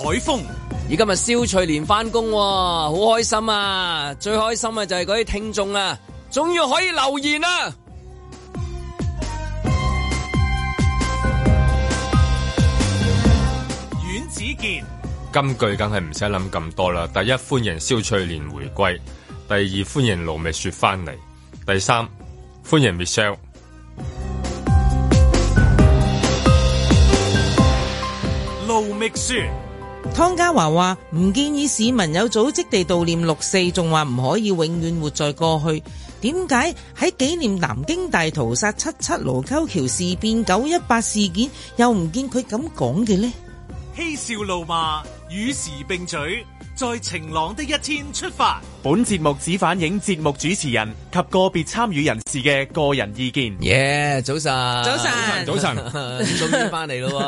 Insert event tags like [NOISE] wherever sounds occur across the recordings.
海風，而今日蕭翠蓮翻工，好開心啊！最開心啊就係嗰啲聽眾啊，終於可以留言啦，啊！阮子健，今句梗係唔使諗咁多啦！第一歡迎蕭翠蓮回歸，第二歡迎盧覓雪翻嚟，第三歡迎 Michelle，盧覓雪。湯家驊話唔建議市民有組織地悼念六四，仲話唔可以永遠活在過去。點解喺紀念南京大屠殺、七七盧溝橋事變、九一八事件，又唔見佢咁講嘅呢？嬉笑怒罵，與時並舉，在晴朗的一天出發。本節目只反映節目主持人及個別參與人士嘅個人意見。耶，早晨，早晨，早晨，終於翻嚟咯喎！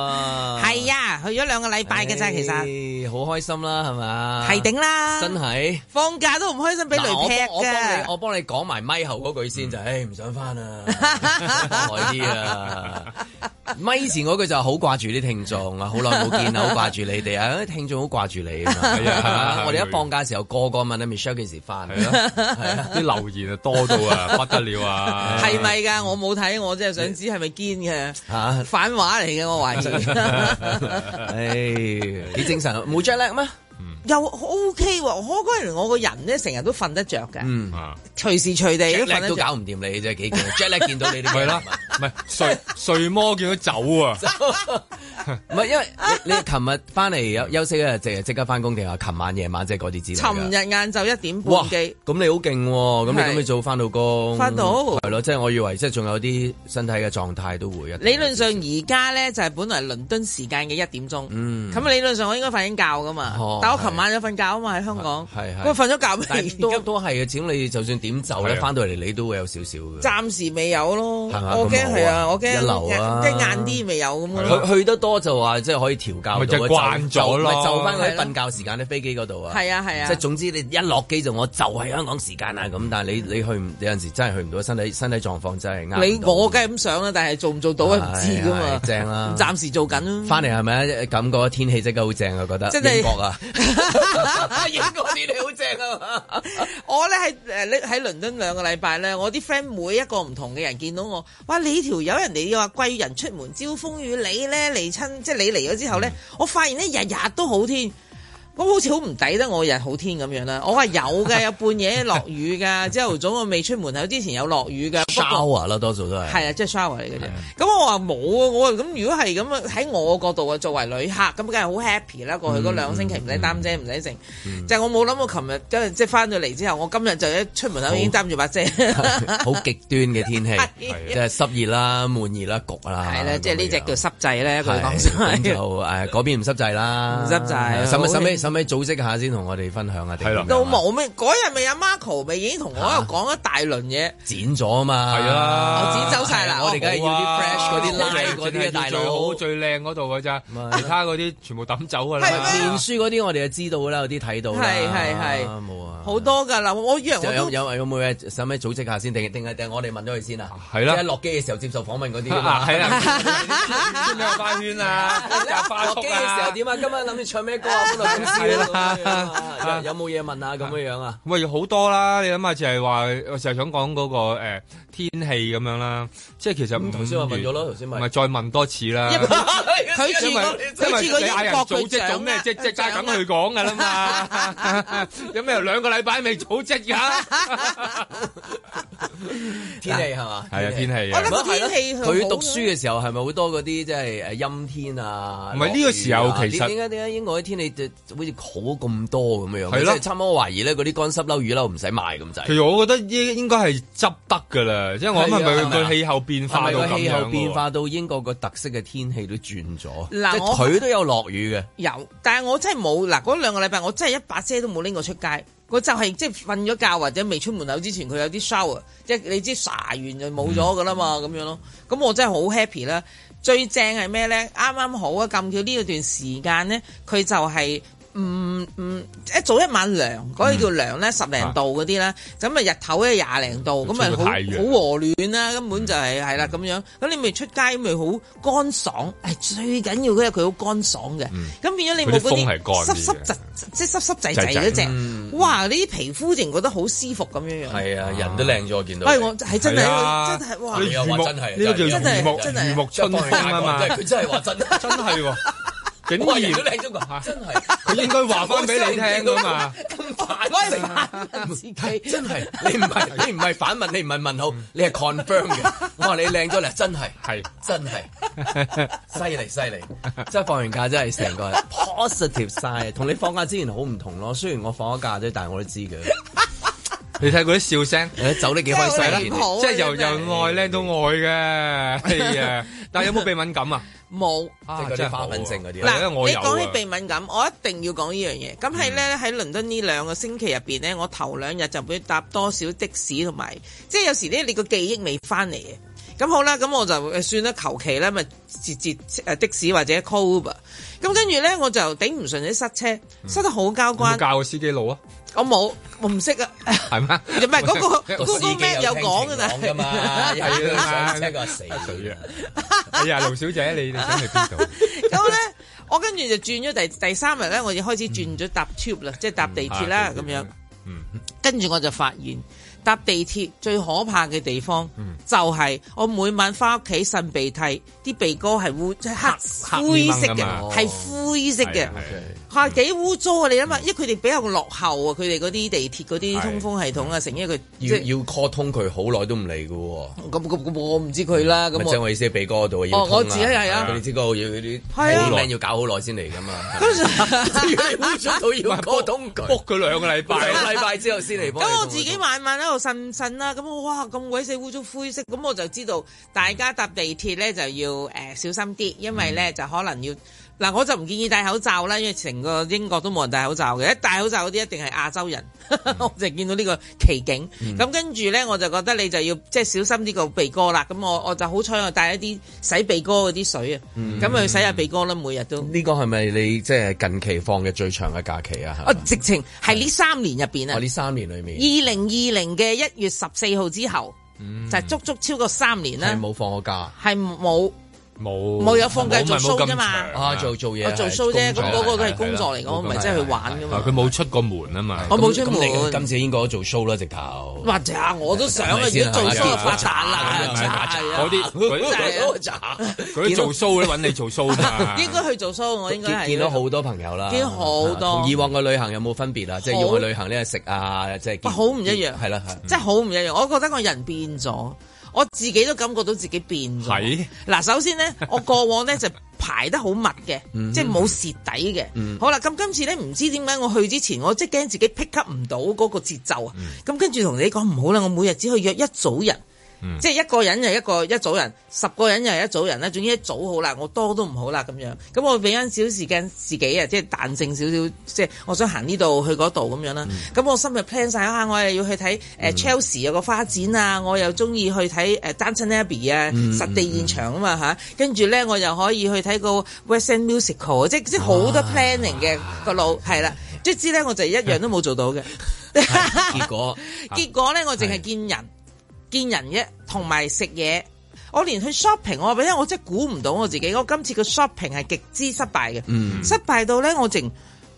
係啊，去咗兩個禮拜嘅啫，其實好開心啦，係嘛？係頂啦，真係放假都唔開心，俾雷劈嘅。我幫你，我幫你講埋咪後嗰句先就，唉，唔想翻啦，好耐啲啊！咪前嗰句就係好掛住啲聽眾啊，好耐冇見啊，好掛住你哋啊，聽眾好掛住你啊，我哋一放假嘅時候，個個問阿 Michelle。幾時翻？係咯，啲留言啊多到啊，不得了啊！係咪噶？我冇睇，我真係想知係咪堅嘅反話嚟嘅，我懷疑。哎，你精神冇着叻咩？ [LAUGHS] 又 OK 喎，嗰陣時我個人咧成日都瞓得着嘅，隨時隨地都瞓，都搞唔掂你真係，幾勁 Jackie 見到你哋佢啦？唔係睡睡魔見到走啊，唔係因為你琴日翻嚟休息一日，即係即刻翻工定係琴晚夜晚即係嗰啲字？琴日晏晝一點半機，咁你好勁喎！咁你咁早翻到工，翻到係咯，即係我以為即係仲有啲身體嘅狀態都會。理論上而家咧就係本來倫敦時間嘅一點鐘，咁理論上我應該瞓緊覺噶嘛，昨晚有瞓覺啊嘛，喺香港。係係。不過瞓咗覺咪都都係嘅。只要你就算點就咧，翻到嚟你都會有少少嘅。暫時未有咯。我驚係啊！我驚一啲即係晏啲未有咁咯。去去得多就話即係可以調教。咪就慣咗咯。就翻嗰啲瞓覺時間喺飛機嗰度啊。係啊係啊。即係總之你一落機就我就係香港時間啊咁。但係你你去有陣時真係去唔到，身體身體狀況真係啱。你我梗係咁想啦，但係做唔做到又唔知㗎嘛。正啦。暫時做緊。翻嚟係咪啊？感覺天氣真係好正啊！覺得。英國啊～英國啲你好正啊！我咧係誒喺喺倫敦兩個禮拜咧，我啲 friend 每一個唔同嘅人見到我，哇！你條友人哋要話貴人出門招風雨，你咧嚟親，即係你嚟咗之後咧，我發現咧日日都好天。」咁好似好唔抵得我日好天咁樣啦！我話有嘅，有半夜落雨嘅，朝頭早我未出門口之前有落雨嘅。shower 啦，多數都係係啊，即係 shower 嚟嘅啫。咁我話冇啊，我話咁如果係咁啊，喺我角度啊，作為旅客咁梗係好 happy 啦。過去嗰兩星期唔使擔遮，唔使剩，就係我冇諗。我琴日即係即係翻咗嚟之後，我今日就一出門口已經擔住把遮。好極端嘅天氣，即係濕熱啦、悶熱啦、焗啦。係啦，即係呢隻叫濕滯咧，一個講法。咁就誒，嗰邊唔濕滯啦，濕滯。收尾收尾收。咁樣組織下先，同我哋分享啊！都冇咩，嗰日咪阿 Marco 咪已經同我又講一大輪嘢，剪咗啊嘛！係啦，剪走晒啦。我哋梗係要啲 fresh 嗰啲 live 嗰啲大佬，最好靚嗰度嗰揸，其他嗰啲全部抌走啦。面書嗰啲我哋就知道啦，有啲睇到啦。係係係，冇啊，好多㗎啦！我以為我有有有冇咩使唔使組織下先？定定係定我哋問咗佢先啊？係啦，即係落機嘅時候接受訪問嗰啲啊，係啦，穿啊，落機嘅時候點啊？今日諗住唱咩歌啊？係啦，有冇嘢問啊？咁嘅樣啊？喂，好多啦！你諗下，就係話我成日想講嗰個誒天氣咁樣啦。即係其實唔同，頭先我問咗咯，頭先唔係再問多次啦。佢住個英國組織做咩？即係即係梗係佢講噶啦嘛？有咩兩個禮拜未組織噶？天氣係嘛？係啊，天氣。我諗佢讀書嘅時候係咪好多嗰啲即係誒陰天啊？唔係呢個時候，其實點解點解英國啲天氣就好似好咁多咁樣樣，即係差唔多懷疑咧，嗰啲乾濕褸雨褸唔使賣咁滯。其實我覺得應應該係執得噶啦，即係的我諗咪個氣候變化，個氣候變化到英國個特色嘅天氣都轉咗，喇即佢我都有落雨嘅。有，但係我真係冇嗱，嗰兩個禮拜我真係一把遮都冇拎過出街，我就係即係瞓咗覺或者未出門口之前，佢有啲 show 即係你知搽完就冇咗噶啦嘛，咁、嗯、樣咯。咁我真係好 happy 啦。最正係咩咧？啱啱好啊，咁巧呢段時間咧，佢就係、是。唔唔，一早一晚涼，嗰個叫涼咧十零度嗰啲啦，咁咪日頭咧廿零度，咁咪好好和暖啦，根本就係係啦咁樣。咁你咪出街咪好乾爽，誒，最緊要嗰日佢好乾爽嘅，咁變咗你冇嗰啲濕濕窒，即係濕濕滯滯嗰隻，哇！你啲皮膚淨覺得好舒服咁樣樣。係啊，人都靚咗，我見到。係我係真係，真係哇！呢個叫樹木，呢個叫樹木，樹木春風啊嘛！佢真係話真，真係竟然都靚咗啦！真係，佢應該話翻俾你聽噶嘛？咁排威啊！真係，你唔係你唔係反問，你唔係問號，你係 confirm 嘅。我話你靚咗啦，真係，係真係，犀利犀利！即係放完假真係成個 positive 曬，同你放假之前好唔同咯。雖然我放咗假啫，但係我都知嘅。你睇佢啲笑聲， [LAUGHS] 走得幾快曬啦，即係、啊、由由愛靚 [LAUGHS] 到愛嘅。哎呀，但係有冇鼻敏感啊？冇有，啊、即係化敏症嗰啲。嗱、啊，我你講起鼻敏感，我一定要講呢樣嘢。咁係咧喺倫敦呢兩個星期入邊咧，我頭兩日就會搭多少的士同埋，即係有時呢，你個記憶未翻嚟嘅。咁好啦，咁我就算啦，求其咧咪直接誒的士或者 call Uber。咁跟住咧我就頂唔順啲塞車，塞得好交關。嗯、教司機路啊！我冇，我唔識啊。係咩？唔係嗰個嗰個 Google Map 有講噶嘛？係呢個死水樣。劉小姐，你想去邊度？咁咧，我跟住就轉咗第第三日咧，我就開始轉咗搭 tube 啦，即係搭地鐵啦咁樣。嗯。跟住我就發現搭地鐵最可怕嘅地方，就係我每晚翻屋企擤鼻涕，啲鼻哥係會即係黑灰色嘅，係灰色嘅。係幾污糟啊！你諗下，因為佢哋比較落後啊，佢哋嗰啲地鐵嗰啲通風系統啊，成一個要要 call 通佢好耐都唔嚟噶咁咁我唔知佢啦。咁即係我意思，鼻哥度要。哦，我自己係啊。你知嗰個嘢，你好耐要搞好耐先嚟噶嘛？真係污糟到要 call 通佢，book 佢兩個禮拜，禮拜之後先嚟。咁我自己每晚喺度呻呻啦。咁哇，咁鬼死污糟灰色。咁我就知道大家搭地鐵咧就要誒小心啲，因為咧就可能要。嗱，我就唔建議戴口罩啦，因為成個英國都冇人戴口罩嘅。一戴口罩嗰啲一定係亞洲人，嗯、 [LAUGHS] 我就係見到呢個奇景。咁、嗯、跟住咧，我就覺得你就要即係、就是、小心呢個鼻哥啦。咁我我就好彩我帶一啲洗鼻哥嗰啲水啊，咁、嗯、去洗下鼻哥啦，每日都。呢個係咪你即係、就是、近期放嘅最長嘅假期啊？我直情係呢三年入邊啊！我呢三年裏面，二零二零嘅一月十四號之後，嗯、就足足超過三年啦。係冇放過假，係冇。冇冇，有放假做 show，啫嘛，啊做做嘢做 show 啫，咁嗰個都係工作嚟，我唔係真係去玩噶嘛。佢冇出過門啊嘛。我冇出門。今次應該做 show 啦，直頭。或者我都想如果做 show 發達啦，嗰啲嗰啲嗰啲就嗰啲做 show 咧，揾你做 show。應該去做 show，我應該係。見到好多朋友啦，見好多。以往嘅旅行有冇分別啊？即係要去旅行呢咧食啊，即係。好唔一樣係啦，係。即係好唔一樣係啦，即係好唔一樣，我覺得個人變咗。我自己都感覺到自己變咗。嗱是，首先咧，我過往咧 [LAUGHS] 就排得好密嘅，即係冇蝕底嘅。 [NOISE] 好啦，咁今次咧唔知點解我去之前，我即係驚自己 pick up 唔到嗰個節奏 [NOISE] 啊。咁跟住同你講唔好啦，我每日只可以約一組人。即係一個人又一個一組人，十個人又係一組人咧，總之一組好啦，我多都唔好啦咁樣。咁我俾翻少時間自己啊，即係彈性少少，即係我想行呢度去嗰度咁樣啦。咁、嗯、我心入面 plan 晒一下，我又要去睇誒、呃、Chelsea 有個花展啊，我又中意去睇誒 Dancing Abby 啊，呃、ia，實地現場、嗯嗯嗯、啊嘛吓。跟住咧我又可以去睇個 Western Musical，即係即係好多 planning 嘅個路係啦。點知咧我就一樣都冇做到嘅， [LAUGHS] 結果 [LAUGHS] 結果咧我淨係見人。 [LAUGHS] 見人啫，同埋食嘢，我連去 shopping，我話畀你聽，我真係估唔到我自己，我今次個 shopping 係極之失敗嘅，嗯、失敗到咧，我淨。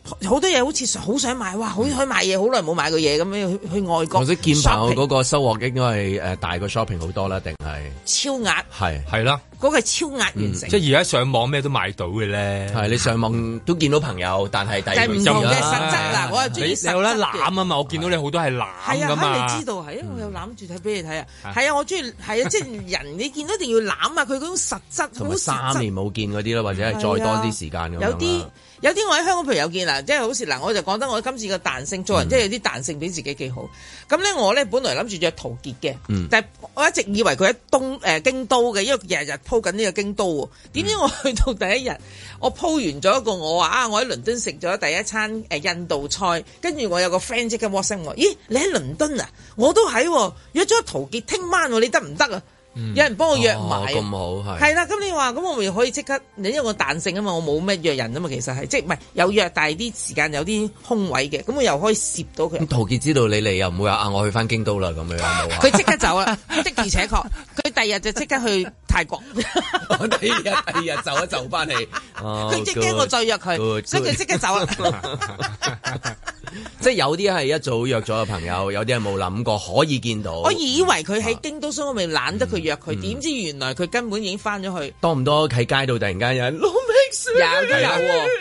好多嘢好似好想買，哇！好去買嘢，好耐冇買過嘢咁樣去去外國。所以見朋友嗰個收穫應該係誒大過 shopping 好多啦，定係超額係係啦，嗰個超額完成。即係而家上網咩都買到嘅咧，係你上網都見到朋友，但係但係唔同嘅實質嗱，我係中意實質嘅。有啦攬啊嘛，我見到你好多係攬係啊，咁你知道係，我有攬住睇俾你睇啊。係啊，我中意係啊，即係人你見到一定要攬啊，佢嗰種實質。同三年冇見嗰啲啦，或者係再多啲時間有啲。有啲我喺香港朋友見嗱，即係好似嗱，我就講得我今次嘅彈性，做人、嗯、即係有啲彈性俾自己幾好。咁咧，我咧本來諗住約陶傑嘅，嗯、但係我一直以為佢喺東誒、呃、京都嘅，因為日日鋪緊呢個京都喎。點知我去到第一日，我鋪完咗一個我話啊，我喺倫敦食咗第一餐誒印度菜，跟住我有個 friend 即刻 WhatsApp，咦你喺倫敦啊？我都喺、啊、約咗陶傑，聽晚你得唔得啊？有人幫我約埋，咁好係。係啦，咁你話咁我咪可以即刻？你因為我彈性啊嘛，我冇咩約人啊嘛，其實係即唔係有約，但係啲時間有啲空位嘅，咁我又可以攝到佢。陶傑知道你嚟，又唔會話啊，我去翻京都啦咁樣冇佢即刻走啦，的而且確，佢第二日就即刻去泰國。我第二日第二日走一走翻嚟，佢即驚我再約佢，所以佢即刻走啦。 [LAUGHS] 即係有啲係一早約咗嘅朋友，有啲係冇諗過可以見到。我以為佢喺京都 show，嗯、我咪懶得佢約佢，點、嗯嗯、知原來佢根本已經翻。咗去。多唔多喺街度突然間有人有有喎，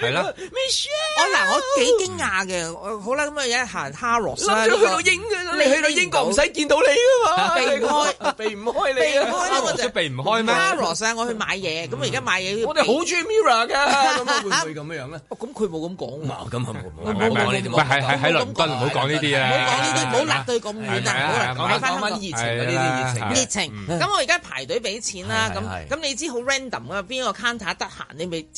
係咯。Michelle，我嗱我幾驚訝嘅。我好啦，咁啊一行 Harrods 啦，去到英嘅啦。你去到英國唔使見到你噶嘛？避開，避唔開你。避唔開啦，我即係避唔開。Harrods 啊，我去買嘢。咁我而家買嘢，我哋好中意 Mirror 噶。啊咁樣咧，咁佢冇咁講喎。咁啊，唔好唔好唔好，唔好喺喺喺倫敦唔好講呢啲啊，唔好講呢啲，唔好甩到去咁遠啊，唔好啦，講翻啲熱情啊，呢啲熱情，熱情。咁我而家排隊俾錢啦，咁咁你知好 random 噶，邊個 counter 得閒你咪。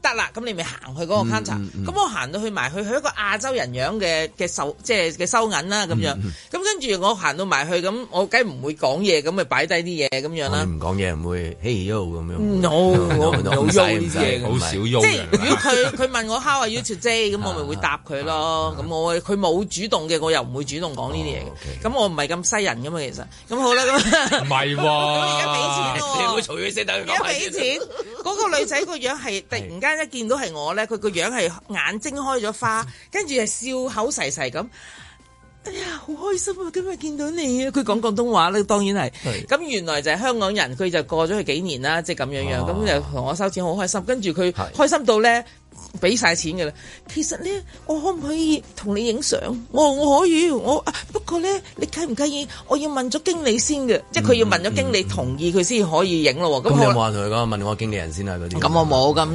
得啦，咁你咪行去嗰個勘察，咁我行到去埋去去一個亞洲人樣嘅嘅收即係嘅收銀啦咁樣，咁跟住我行到埋去，咁我梗唔會講嘢，咁咪擺低啲嘢咁樣啦。唔講嘢唔會，嘿喲咁樣。唔用，我唔用。好少用。即係如果佢佢問我 how are you today，咁我咪會答佢咯。咁我佢冇主動嘅，我又唔會主動講呢啲嘢嘅。咁我唔係咁西人㗎嘛，其實。咁好啦。唔係喎。而家俾錢喎。你會嘈佢先，等佢俾錢。而家俾錢，嗰個女仔個樣係突然。突然間一見到係我咧，佢個樣係眼睛開咗花，跟住係笑口噬噬咁。哎呀，好開心啊！今日見到你啊！佢講廣東話咧，當然係。咁是原來就係香港人，佢就過咗去幾年啦，即係咁樣樣。咁又同我收錢好開心，跟住佢開心到咧。俾晒錢嘅啦，其實咧，我可唔可以同你影相？我我可以，我啊不過咧，你介唔介意？我要問咗經理先嘅，即係佢要問咗經理、嗯、同意佢先可以影咯。咁你有冇話同佢講，有有問我經理人先啊嗰啲。咁我冇咁。 [LAUGHS]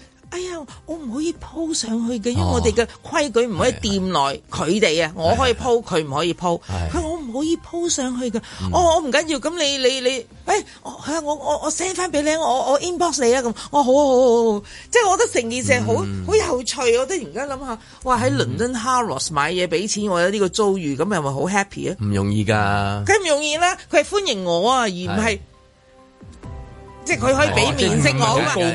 哎呀，我唔可以鋪上去嘅，因為我哋嘅規矩唔可以店內佢哋啊，我可以鋪，佢唔可以鋪是。佢我唔可以鋪上去嘅是、哦。我我唔緊要，咁你你你，哎，我、啊、我我 send 翻俾你，我我 inbox 你啊，咁，我、哦、好好好好，好，好即係我覺得成件事好好、嗯、有趣，我突然間諗下，哇喺倫敦 Harrods 買嘢俾錢，我有呢個遭遇，咁係咪好 happy 啊？唔容易㗎，梗唔容易啦，佢係歡迎我啊，而唔係。即係佢可以俾面色我，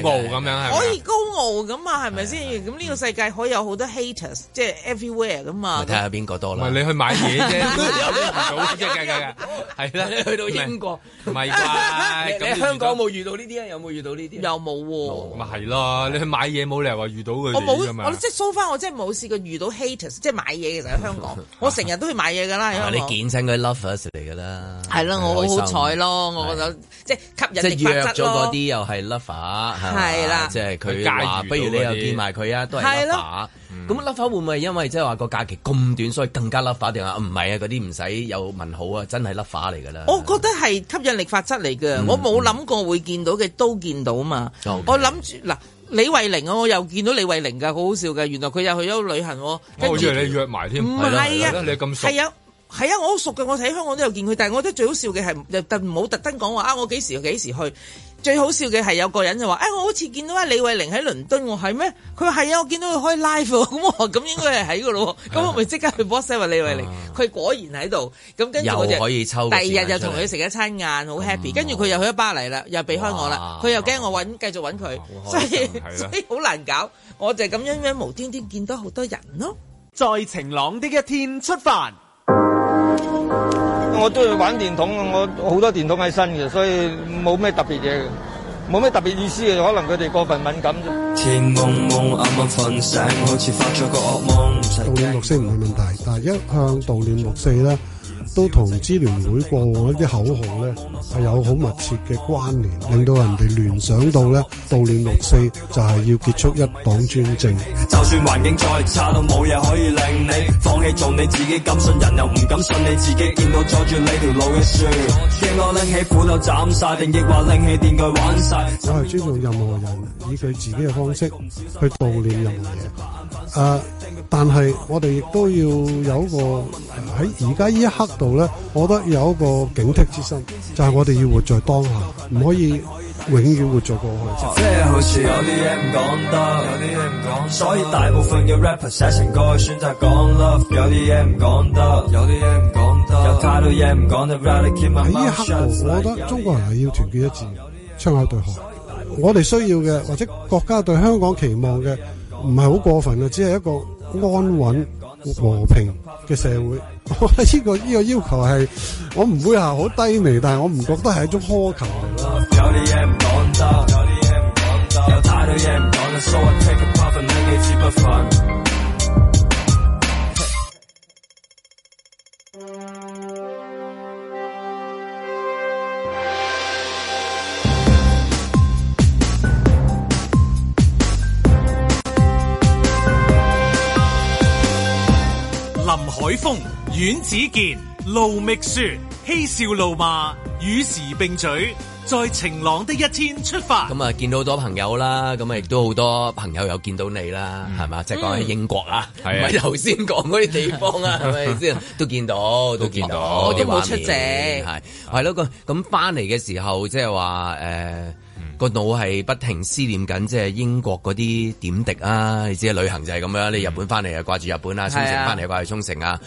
高傲咁樣係可以高傲咁啊，係咪先？咁呢個世界可以有好多 haters，即係 everywhere 咁嘛？我睇下邊個多啦。你去買嘢啫，有啲唔好即係計啦，你去到英國唔係啩？你喺香港冇遇到呢啲啊？有冇遇到呢啲？有冇喎。咪係啦，你去買嘢冇理由話遇到佢？我冇，我即係 so far，我真係冇試過遇到 haters，即係買嘢其實喺香港，我成日都去買嘢㗎啦。你見親嗰 lovers 嚟㗎啦。係咯，我好好彩咯，我覺得即係吸引啲咗嗰啲又係甩化，係啦，即係佢話，不如你又見埋佢啊，都係甩化。咁甩化會唔會因為即係話個假期咁短，所以更加甩化定啊？唔係啊，嗰啲唔使有問號啊，真係甩化嚟噶啦。我覺得係吸引力法則嚟嘅，我冇諗過會見到嘅都見到啊嘛。我諗住嗱，李慧玲啊，我又見到李慧玲㗎，好好笑㗎。原來佢又去咗旅行，我以為你約埋添，唔係啊，你咁熟。係啊，我好熟嘅，我喺香港都有見佢，但係我覺得最好笑嘅係又唔好特登講話啊，我幾時幾時去。最好笑嘅係有個人就話誒，我好似見到阿李慧玲喺倫敦，我係咩？佢話係啊，我見到佢開 live 咁，咁應該係喺嘅咯，咁我咪即刻去 WhatsApp 阿李慧玲，佢果然喺度，咁跟住我就可以抽第二日又同佢食一餐晏，好 happy。跟住佢又去咗巴黎啦，又避開我啦，佢又驚我搵繼續搵佢，所以好難搞。我就咁樣樣無端端見到好多人咯。在晴朗的一天出發。我都會玩電筒，我好多電筒喺身嘅，所以冇咩特別嘢，冇咩特別意思嘅，可能佢哋過分敏感啫。天蒙蒙，啱啱瞓醒，好似發咗個噩夢。悼念六四唔係問題，但係一向悼念六四啦。都同支聯會過往一啲口號咧係有好密切嘅關聯，令到人哋聯想到咧悼念六四就係要結束一黨專政。就算環境再差都冇嘢可以令你放棄做你自己，敢信人又唔敢信你自己，見到阻住你條路嘅樹，驚我拎起斧頭斬晒，定抑或拎起電鋸玩晒。我係尊重任何人以佢自己嘅方式去悼念任何嘢啊。但係我哋亦都要有一個喺而家呢一刻度咧，我覺得有一個警惕之心，就係我哋要活在當下，唔可以永遠活在過去。喺呢一刻度，我覺得中國人係要團結一致，槍口對外。我哋需要嘅或者國家對香港期望嘅，唔係好過分嘅，只係一個。安穩和平嘅社會，呢、 [LAUGHS] 這個呢、這個要求係我唔會係好低微，但係我唔覺得係一種苛求。 [MUSIC] 海峰、阮子健、盧覓雪，嬉笑怒罵，與時並嘴，在晴朗的一天出發。咁啊， [NOISE] 嗯、見到好多朋友啦，咁啊亦都好多朋友有見到你啦，係嘛？即係講喺英國啊，唔係、嗯，頭先講嗰啲地方啊，係咪先？都見到，都見到。我哋冇出席，係係咯。咁咁翻嚟嘅時候，即係話誒。個腦係不停思念緊，即係英國嗰啲點滴啊，你知啊，旅行就係咁樣，你日本翻嚟啊掛住日本啊，沖繩翻嚟掛住沖繩啊。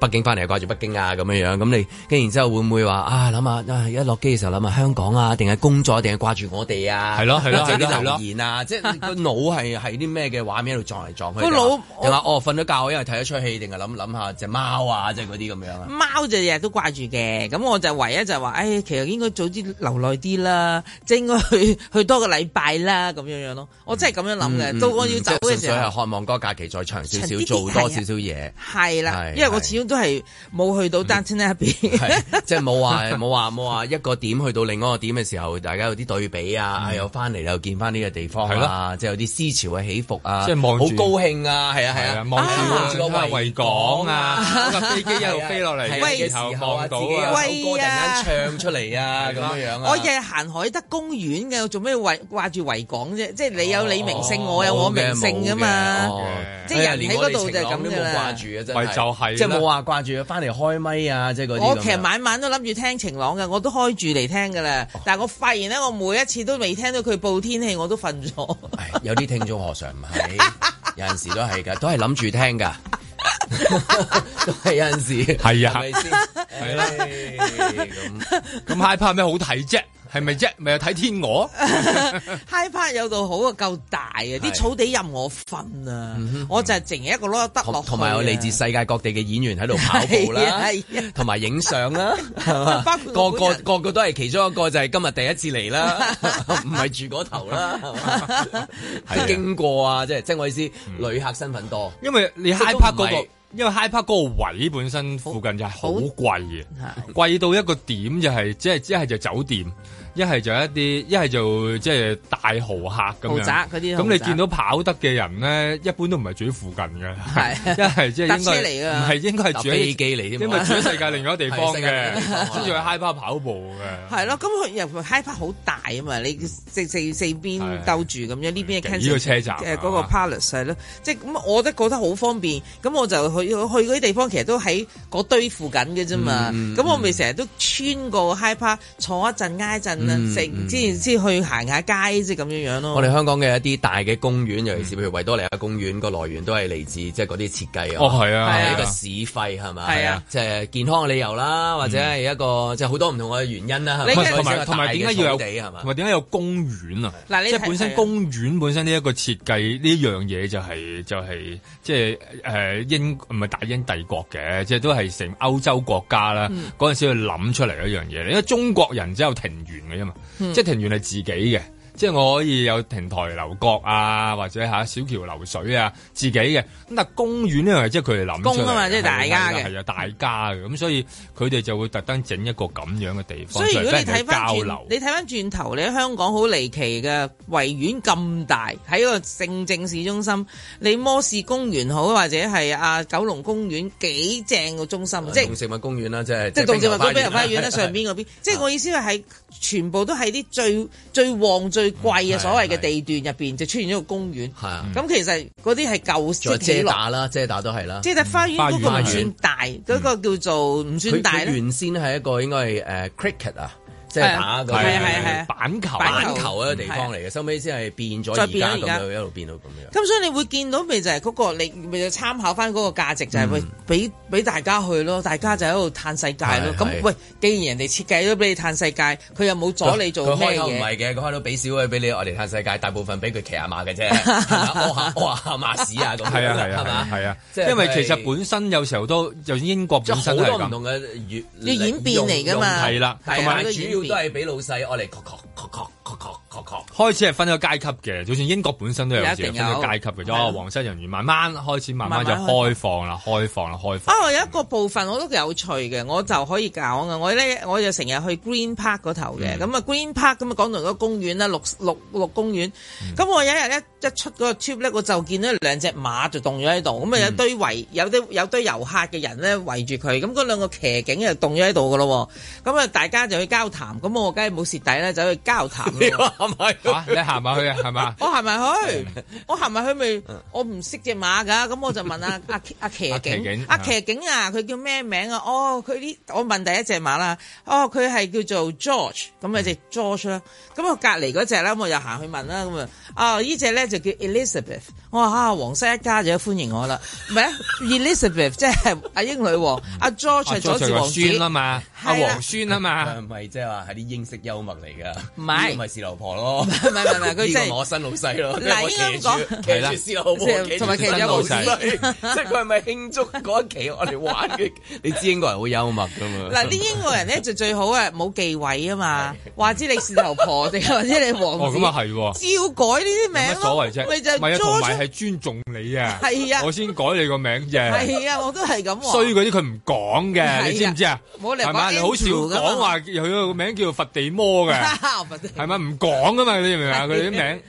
北京翻嚟掛住北京啊，咁樣樣，咁、嗯、你跟然之後會唔會話啊諗、啊、下一落機嘅時候諗下香港啊，定係工作，定係掛住我哋啊？係咯係咯，整啲留言啊，即係個腦係係啲咩嘅畫面喺度撞嚟撞去。個腦腦，係嘛？我哦，瞓咗覺，因為睇得出戲，定係諗諗下隻貓啊，即係嗰啲咁樣啊？貓就日日都掛住嘅，咁我就唯一就係話，誒、哎、其實應該早啲留耐啲啦，即應該去去多個禮拜啦，咁樣樣咯。我真係咁樣諗嘅，到、嗯、我要走嘅時候。純係、嗯、渴望個假期再長少少，做多少少嘢。係啦，因為我始終。都係冇去到 Downton Abbey，即係冇話冇話冇話一個點去到另一個點嘅時候，大家有啲對比啊，又翻嚟又見翻呢個地方係咯，即係有啲思潮嘅起伏啊，即係望好高興啊，係啊係啊，望住個維港啊，架飛機一路飛落嚟嘅時候，望到啊，有歌突然間唱出嚟啊，咁嘅樣啊，我日日行海德公園嘅，我做咩為掛住維港啫？即係你有你名勝，我有我名勝啊嘛，即係人喺嗰度就係咁嘅啦，掛住嘅就係，即係冇話。掛住佢翻嚟開咪啊，即係嗰啲。我其實晚晚都諗住聽晴朗嘅，我都開住嚟聽噶啦。哦、但係我發現咧，我每一次都未聽到佢報天氣，我都瞓咗。有啲聽眾何嘗唔係？ [LAUGHS] 有陣時都係噶，都係諗住聽噶。 [LAUGHS] [LAUGHS] 都係有陣時。係 [LAUGHS] 啊。係啦。咁咁害怕咩好睇啫？係咪啫？咪有睇天鵝？High part 有度好啊，夠大啊，啲草地任我瞓啊！我就係淨係一個攞得同埋我嚟自世界各地嘅演員喺度跑步啦，同埋影相啦，係嘛？個個個個都係其中一個，就係今日第一次嚟啦，唔係住嗰頭啦，係經過啊！即係即係我意思，旅客身份多，因為你 High part 嗰個。因為 High Park 嗰個位本身附近好就係好貴嘅，的貴到一個點就係、是，即係只係就，是就是、就是酒店。一係就一啲，一係就即係大豪客咁樣。豪宅嗰啲，咁你見到跑得嘅人咧，一般都唔係住喺附近嘅。係是，一係即係搭車嚟㗎，唔係應該係住喺飛機嚟，因為住喺世界另外一個地方嘅，跟住去 Hyde Park 跑步嘅。係咯，咁佢又 Hyde Park 好大啊嘛，你四四的四邊兜住咁樣呢邊嘅呢個車站誒嗰個 palace 係咯，即係咁我都覺得好方便。咁我就去去啲地方，其實都喺嗰堆附近嘅啫嘛。咁、嗯嗯嗯、我咪成日都穿過 Hyde Park 坐一陣挨一陣。成之前去行下街，即係咁樣樣咯。我哋香港嘅一啲大嘅公園，尤其是譬如維多利亞公園，個來源都係嚟自即係嗰啲設計啊。哦，係啊，係一個市費係嘛？係啊，即係健康嘅理由啦，或者係一個即係好多唔同嘅原因啦。係咪？同埋同埋點解要有地係嘛？同埋點解有公園啊？嗱，即本身公園本身呢一個設計呢，一樣嘢就係就係即係誒英唔係大英帝國嘅，即係都係成歐洲國家啦。嗰陣時去諗出嚟一樣嘢，因為中國人只有庭園。啊嘛，即係庭園係自己嘅。即係我可以有亭台樓閣啊，或者吓小橋流水啊，自己嘅咁啊公園呢樣係即係佢哋啊嘛，即、就、係、是、大家嘅，係啊大家嘅咁、嗯，所以佢哋就會特登整一個咁樣嘅地方，所以如果你睇翻轉，流你睇翻轉頭，你喺香港好離奇嘅維園咁大，喺個正正市中心，你摩士公園好或者係啊九龍公園幾正個中心，啊、即係動植物公園啦，即係即係動植物公園、啊、花園啦，上邊嗰邊， [LAUGHS] 即係我意思係係全部都係啲最最旺最旺。最旺最旺最貴嘅所謂嘅地段入邊、嗯、就出現一個公園，係啊、嗯，咁其實嗰啲係舊，即係遮打啦，遮打都係啦，遮打花園嗰、嗯、個唔算大，嗰、嗯、個叫做唔算大，佢佢原先係一個應該係誒 cricket 啊。打佢係板球，板球一個地方嚟嘅，收尾先係變咗而家咁樣一路變到咁樣。咁所以你會見到咪就係嗰個你參考翻嗰個價值就係喂俾俾大家去咯，大家就喺度嘆世界咯。咁喂，既然人哋設計都俾你嘆世界，佢又冇阻你做咩嘅？佢開口唔係嘅，佢開口俾小位俾你外嚟嘆世界，大部分俾佢騎下馬嘅啫，屙下馬屎啊咁樣，係啊係啊，係啊，因為其實本身有時候都，就算英國本身都係咁。即嘅演變嚟㗎嘛，係啦，同埋主要。都係畀老細我嚟，確確確確確確。開始係分咗階級嘅，就算英國本身都有時分咗階級嘅。咁啊的，皇室、哦、人員慢慢開始慢慢就開放啦，開放啦，開放。哦，有一個部分我都幾有趣嘅，嗯、我就可以搞嘅。我咧我就成日去 Green Park 嗰頭嘅，咁啊 Green Park 咁啊講到嗰個公園啦，綠綠綠公園。咁、嗯嗯、我有一日一一出嗰個 tube 咧，我就見到兩隻馬就凍咗喺度，咁啊、嗯、有一堆圍有啲有堆遊客嘅人咧圍住佢，咁嗰兩個騎警就凍咗喺度嘅咯。咁啊大家就去交談，咁我梗係冇蝕底啦，走去交談。 [LAUGHS] 可唔可以？你行埋去啊，係嘛？我行埋去，我行埋去咪，我唔識隻馬噶，咁我就問阿阿阿騎警，阿騎警啊，佢叫咩名啊？哦，佢啲我問第一隻馬啦，哦，佢係叫做 George，咁啊隻 George 啦，咁我隔籬嗰隻咧，我又行去問啦，咁啊，啊呢隻咧就叫 Elizabeth，我話啊，皇室一家就歡迎我啦，唔係啊 Elizabeth 即係阿英女王，阿 George 做王子啊嘛。阿王孫啊嘛，係咪即係話係啲英式幽默嚟噶，唔係唔係是頭婆咯？唔係唔係，佢就係我新老細咯。嗱，應該講其實，是頭婆同埋其實老細，即係佢係咪慶祝嗰一期我哋玩嘅？你知英國人好幽默噶嘛？嗱，啲英國人咧就最好啊，冇忌諱啊嘛，話知你是頭婆定或者你王，哦咁啊係，照改呢啲名所謂啫，咪就同埋係尊重你啊，係啊，我先改你個名啫，係啊，我都係咁衰嗰啲佢唔講嘅，你知唔知啊？冇理由你好少講話，又有個名叫做佛地魔嘅，係咪唔講噶嘛？你明唔明啊？佢哋啲名。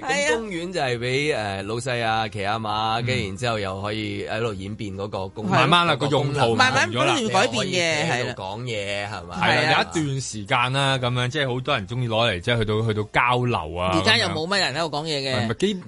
公園就係俾誒老細啊騎下馬，跟住然之後又可以喺度演變嗰個公園，慢慢啦個用途慢慢改變嘅喺度，講嘢係咪？係啦，有一段時間啦咁樣，即係好多人中意攞嚟，即係去到去到交流啊！而家又冇乜人喺度講嘢嘅，唔係基本。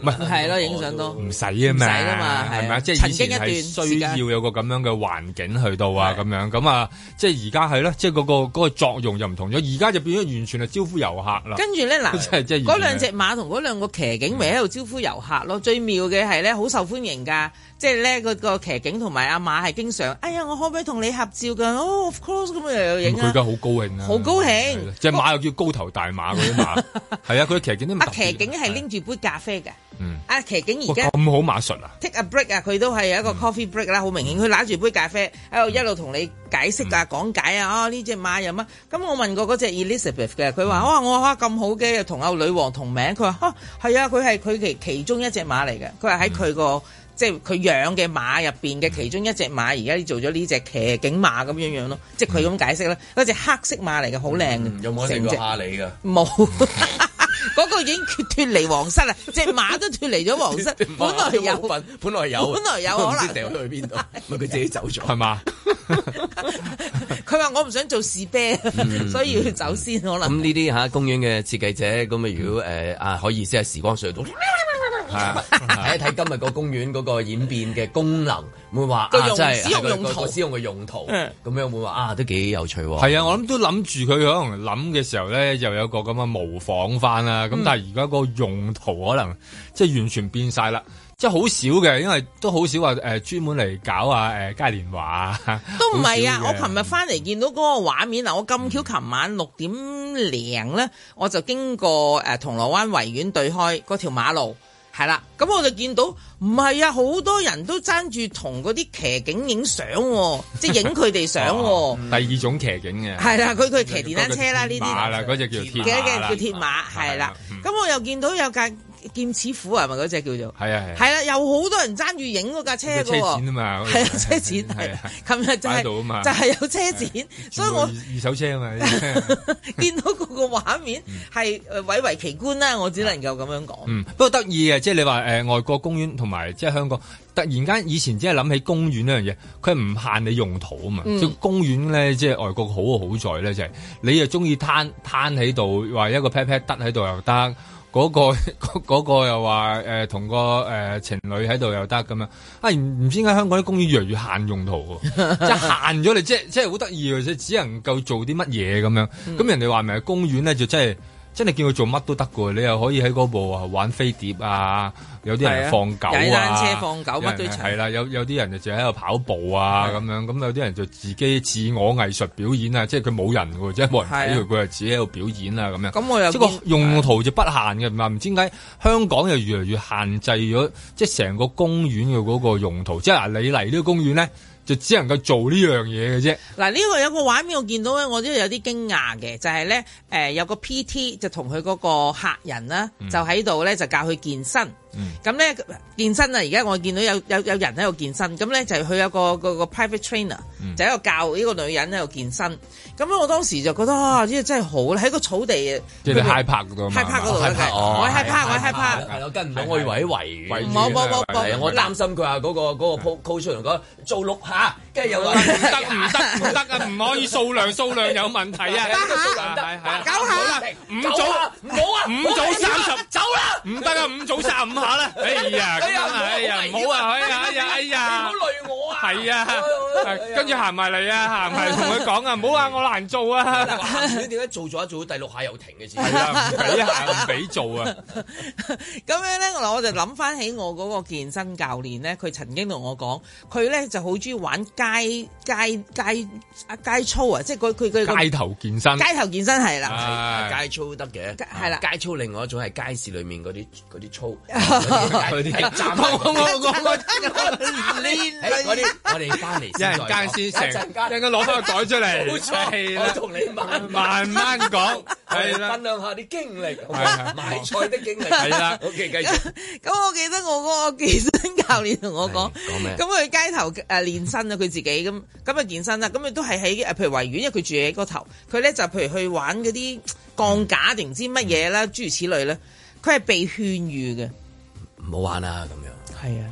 唔係咯影相都。唔使啊嘛，係咪即係曾經一段需要有個咁樣嘅環境去到啊咁樣，咁啊即係而家係咯，即係嗰個作用又唔同咗，而家就變咗完全係招呼遊客啦。跟住咧嗱，即係即係嗰兩隻馬同嗰兩個騎警咪喺度招呼遊客咯，最妙嘅係咧，好受歡迎㗎。即係咧，個個騎警同埋阿馬係經常，哎呀，我可唔可以同你合照噶？哦 Of course 咁啊，影啊！咁佢而家好高興啊！好高興！即係馬又叫高頭大馬嗰啲馬，係啊！佢騎警啲。阿騎警係拎住杯咖啡嘅。嗯。阿騎警而家咁好馬術啊！Take a break 啊！佢都係有一個 coffee break 啦，好明顯。佢揦住杯咖啡喺度一路同你解釋啊、講解啊。啊，呢隻馬有乜？咁我問過嗰隻 Elizabeth 嘅，佢話：哇，我話咁好嘅，又同阿女王同名。佢話：嚇，係啊，佢係佢其其中一隻馬嚟嘅。佢話喺佢個。即係佢養嘅馬入邊嘅其中一隻馬，而家做咗呢隻騎警馬咁樣樣咯。即係佢咁解釋啦，嗰隻黑色馬嚟嘅，好靚，有冇成個哈你㗎？冇，嗰個已經脱脱離皇室啦，隻馬都脱離咗皇室。本來有份，本來有，本來有可能掉去邊度？咪佢自己走咗係嘛？佢話我唔想做士啤，所以要走先可能。咁呢啲嚇公園嘅設計者咁啊？如果誒啊可以先係時光隧道。睇一睇今日個公園嗰個演變嘅功能，會話啊，即係使用用途，使用嘅用途，咁樣會話啊，都幾有趣喎、哦。係啊，我諗都諗住佢可能諗嘅時候咧，又有一個咁嘅模仿翻啦。咁但係而家個用途可能即係完全變晒啦，即係好少嘅，因為都好少話誒專門嚟搞啊誒嘉年華都唔係啊，我琴日翻嚟見到嗰個畫面嗱，我咁巧琴、嗯、晚六點零咧，我就經過誒銅鑼灣維園對開嗰條馬路。係啦，咁我就見到唔係啊，好多人都爭住同嗰啲騎警影相、哦，即係影佢哋相。第二種騎警嘅，係啦，佢佢騎電單車啦，呢啲。係啦，嗰隻叫鐵嘅叫鐵馬，係啦。咁了、嗯嗯、我又見到有架。劍齒虎啊，係咪嗰隻叫做？係啊係。係啦、啊啊，有好多人爭住影嗰架車噶嘛？係啊，車展係。琴日、啊、就係、是、就係有車展，啊、車所以我二手車啊嘛。 [LAUGHS] 見到嗰個畫面係蔚、嗯、為奇觀啦，我只能夠咁樣講、嗯。不過得意啊，即係你話誒，外國公園同埋即係香港，突然間以前只係諗起公園呢樣嘢，佢係唔限你用途啊嘛。嗯。所以公園咧，即係外國好好，好在咧，就係、是、你又中意攤攤喺度，話一個 pat pat 得喺度又得。又嗰那個， [LAUGHS] 個又話誒、呃、同個誒、呃、情侶喺度又得咁樣，啊唔唔知點解香港啲公園越嚟越限用途喎， [LAUGHS] 即係限咗你，即係即係好得意，只只能夠做啲乜嘢咁樣，咁、嗯、人哋話咪係公園咧就真係。真係見佢做乜都得嘅，你又可以喺嗰部啊玩飛碟啊，有啲人放狗啊，踩單車放狗乜都齊。係啦，有有啲人就喺度跑步啊咁樣，咁有啲人就自己自我藝術表演啊，即係佢冇人嘅，即係冇人睇佢，佢係自己喺度表演啊咁樣。咁我又即係個用途就不限嘅，唔知點解香港又越嚟越限制咗，即係成個公園嘅嗰個用途，即係你嚟呢個公園咧。就只能夠做呢樣嘢嘅啫。嗱，呢個有個畫面我見到咧，我都有啲驚訝嘅，就係、是、咧，誒、呃，有個 PT 就同佢個客人啦、嗯，就喺度咧就教佢健身。咁咧健身啊！而家我見到有有有人喺度健身，咁咧就佢有個個個 private trainer 就喺度教呢個女人喺度健身。咁咧，我當時就覺得啊，呢個真係好咧！喺個草地，即係喺 High Park 嗰，High Park 嗰度，我喺 High Park，我拍拍，係咯，跟唔到，我以為喺圍圍住，唔係唔係唔係唔係，我擔心佢話嗰個嗰個 coach 出嚟講做六下。跟住又話唔得唔得唔得啊！唔可以數量數量有問題啊！得嚇，係係啊，唔好停，五組唔好啊，五組三十走啦！唔得啊，五組三十五下啦！哎呀，哎呀，哎呀，唔好啊，哎呀，哎呀，哎呀，唔好累我啊！係啊，跟住行埋嚟啊，行埋同佢講啊，唔好話我難做啊！你點解做咗做咗第六下又停嘅事？係啊，唔俾行，唔俾做啊！咁樣咧，嗱，我就諗翻起我嗰個健身教練咧，佢曾經同我講，佢咧就好中意玩。街街街啊街操啊，即係佢佢佢街頭健身，街頭健身係啦，街操得嘅，係啦，街操另外一種係街市裏面嗰啲嗰啲操，嗰啲站我我我我我唔練，我哋我哋翻嚟陣間先食，等我攞翻個袋出嚟，我同你慢慢慢講，係啦，分享下啲經歷，買菜的經歷，係啦，OK 繼續。咁我記得我嗰個健身教練同我講，咁佢街頭誒練身啊，佢。自己咁咁啊健身啦，咁啊都係喺誒，譬如維園，因為佢住喺嗰頭，佢咧就譬如去玩嗰啲槓架定唔知乜嘢啦，諸、嗯、如此類啦，佢係被勸喻嘅，唔好玩啦咁樣。係啊。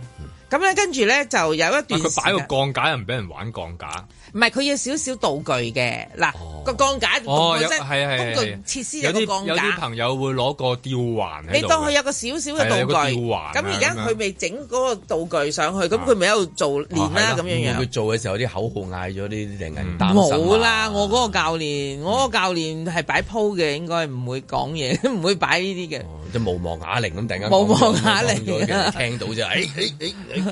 咁咧，跟住咧就有一段佢擺個鋼架，又唔俾人玩鋼架。唔係，佢要少少道具嘅。嗱個鋼架即係工具設施一個鋼架。有啲朋友會攞個吊環喺度。你當佢有個少少嘅道具。係有吊環。咁而家佢未整嗰個道具上去，咁佢咪喺度做練啦咁樣樣。佢做嘅時候，啲口號嗌咗呢啲啲人擔心。冇啦，我嗰個教練，我嗰個教練係擺鋪嘅，應該唔會講嘢，唔會擺呢啲嘅。就無望啞鈴咁突然間講，聽到啫！哎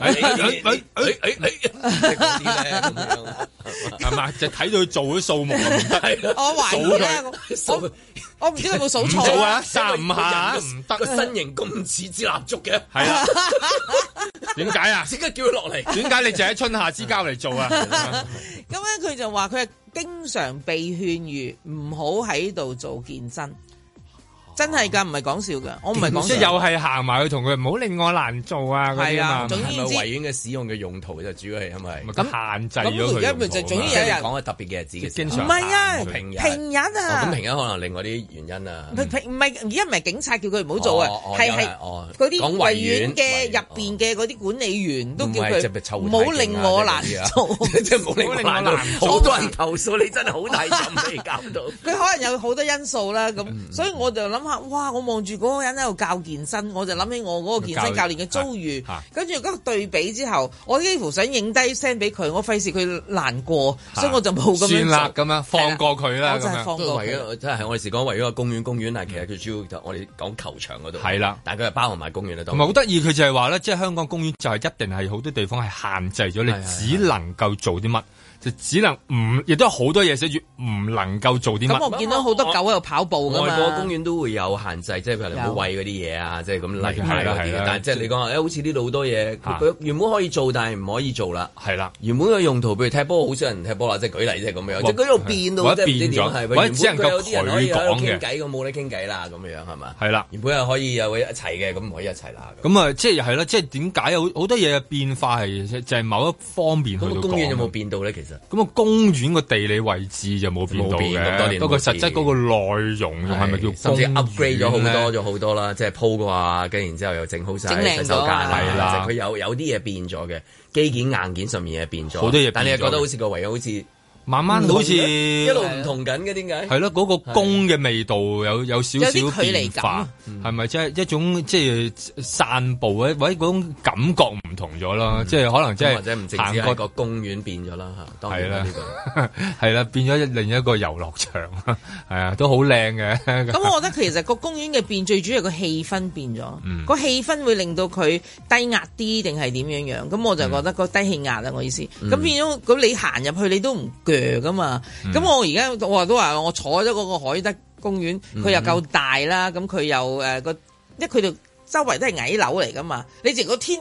哎哎哎哎哎哎哎哎！咁樣係咪就睇到佢做嗰啲數目唔得？我懷疑，我我唔知佢有冇數錯啊？三五下都唔得，身形咁似支蠟燭嘅，係啦。點解啊？點解叫佢落嚟？點解你就喺春夏之交嚟做啊？咁咧，佢就話佢經常被勸喻唔好喺度做健身。真係噶，唔係講笑噶，我唔係講笑。即又係行埋去同佢，唔好令我難做啊！嗰啲嘛，係咪維園嘅使用嘅用途就主要係係咪？咁限制咗佢。咁而家咪就係，總言之，講特別嘅日子，唔係啊，平平日啊。咁平日可能另外啲原因啊。唔係而家唔係警察叫佢唔好做啊，係係啲維園嘅入邊嘅嗰啲管理員都叫佢唔好令我難做。好多人投訴你真係好大搞到。佢可能有好多因素啦，咁所以我就諗。哇！我望住嗰個人喺度教健身，我就諗起我嗰個健身教練嘅遭遇，跟住嗰個對比之後，我幾乎想影低聲俾佢，我費事佢難過，的所以我就冇咁樣做。算啦，咁樣放過佢啦，咁的樣我放過都係。真係我哋時講，為咗個公園，公園，但係其實佢主要就我哋講球場嗰度係啦。的但係佢係包含埋公園喺度，同埋好得意，佢的就係話咧，即係香港公園就係一定係好多地方係限制咗你，只能夠做啲乜。就只能唔，亦都係好多嘢寫住唔能夠做啲。咁我見到好多狗喺度跑步噶嘛，外公園都會有限制，即係譬如你冇喂嗰啲嘢啊，即係咁嚟，但係即係你講話，好似呢度好多嘢，佢原本可以做，但係唔可以做啦。係啦，原本嘅用途，譬如踢波，好少人踢波啦，即係舉例即係咁樣。即係佢又變到，即係變咗。或者只能夠退講嘅。傾偈我冇得傾偈啦，咁樣係嘛？係啦，原本又可以有嘅一齊嘅，咁唔可以一齊啦。咁啊，即係又係啦，即係點解有好多嘢變化係就係某一方面公園有冇變到咧？其實？咁啊，公園個地理位置就冇變到嘅，咁多年不過變實質嗰個內容仲係咪叫公園？甚至 upgrade 咗好，好多，咗好多啦，即係鋪過啊，跟住然之後又整好晒洗手間啦。係啦了，佢有有啲嘢變咗嘅，機件硬件上面嘢變咗，好多嘢。但係你又覺得好似個維修好似。慢慢好似一路唔同緊嘅，點解？係咯，嗰個公嘅味道有有少少距離感，係咪即係一種即係散步，或者嗰種感覺唔同咗啦，即係可能即係行過個公園變咗啦嚇。係啦，係啦，變咗另一個遊樂場啊！係啊，都好靚嘅。咁我覺得其實個公園嘅變最主要係個氣氛變咗，個氣氛會令到佢低壓啲定係點樣樣？咁我就覺得個低氣壓啊，我意思。咁變咗，咁你行入去你都唔。嘅嘛，咁、嗯、我而家我都話我坐咗嗰個海德公園，佢又夠大啦，咁佢、嗯、又誒個，因為佢哋周圍都係矮樓嚟噶嘛，你成個天，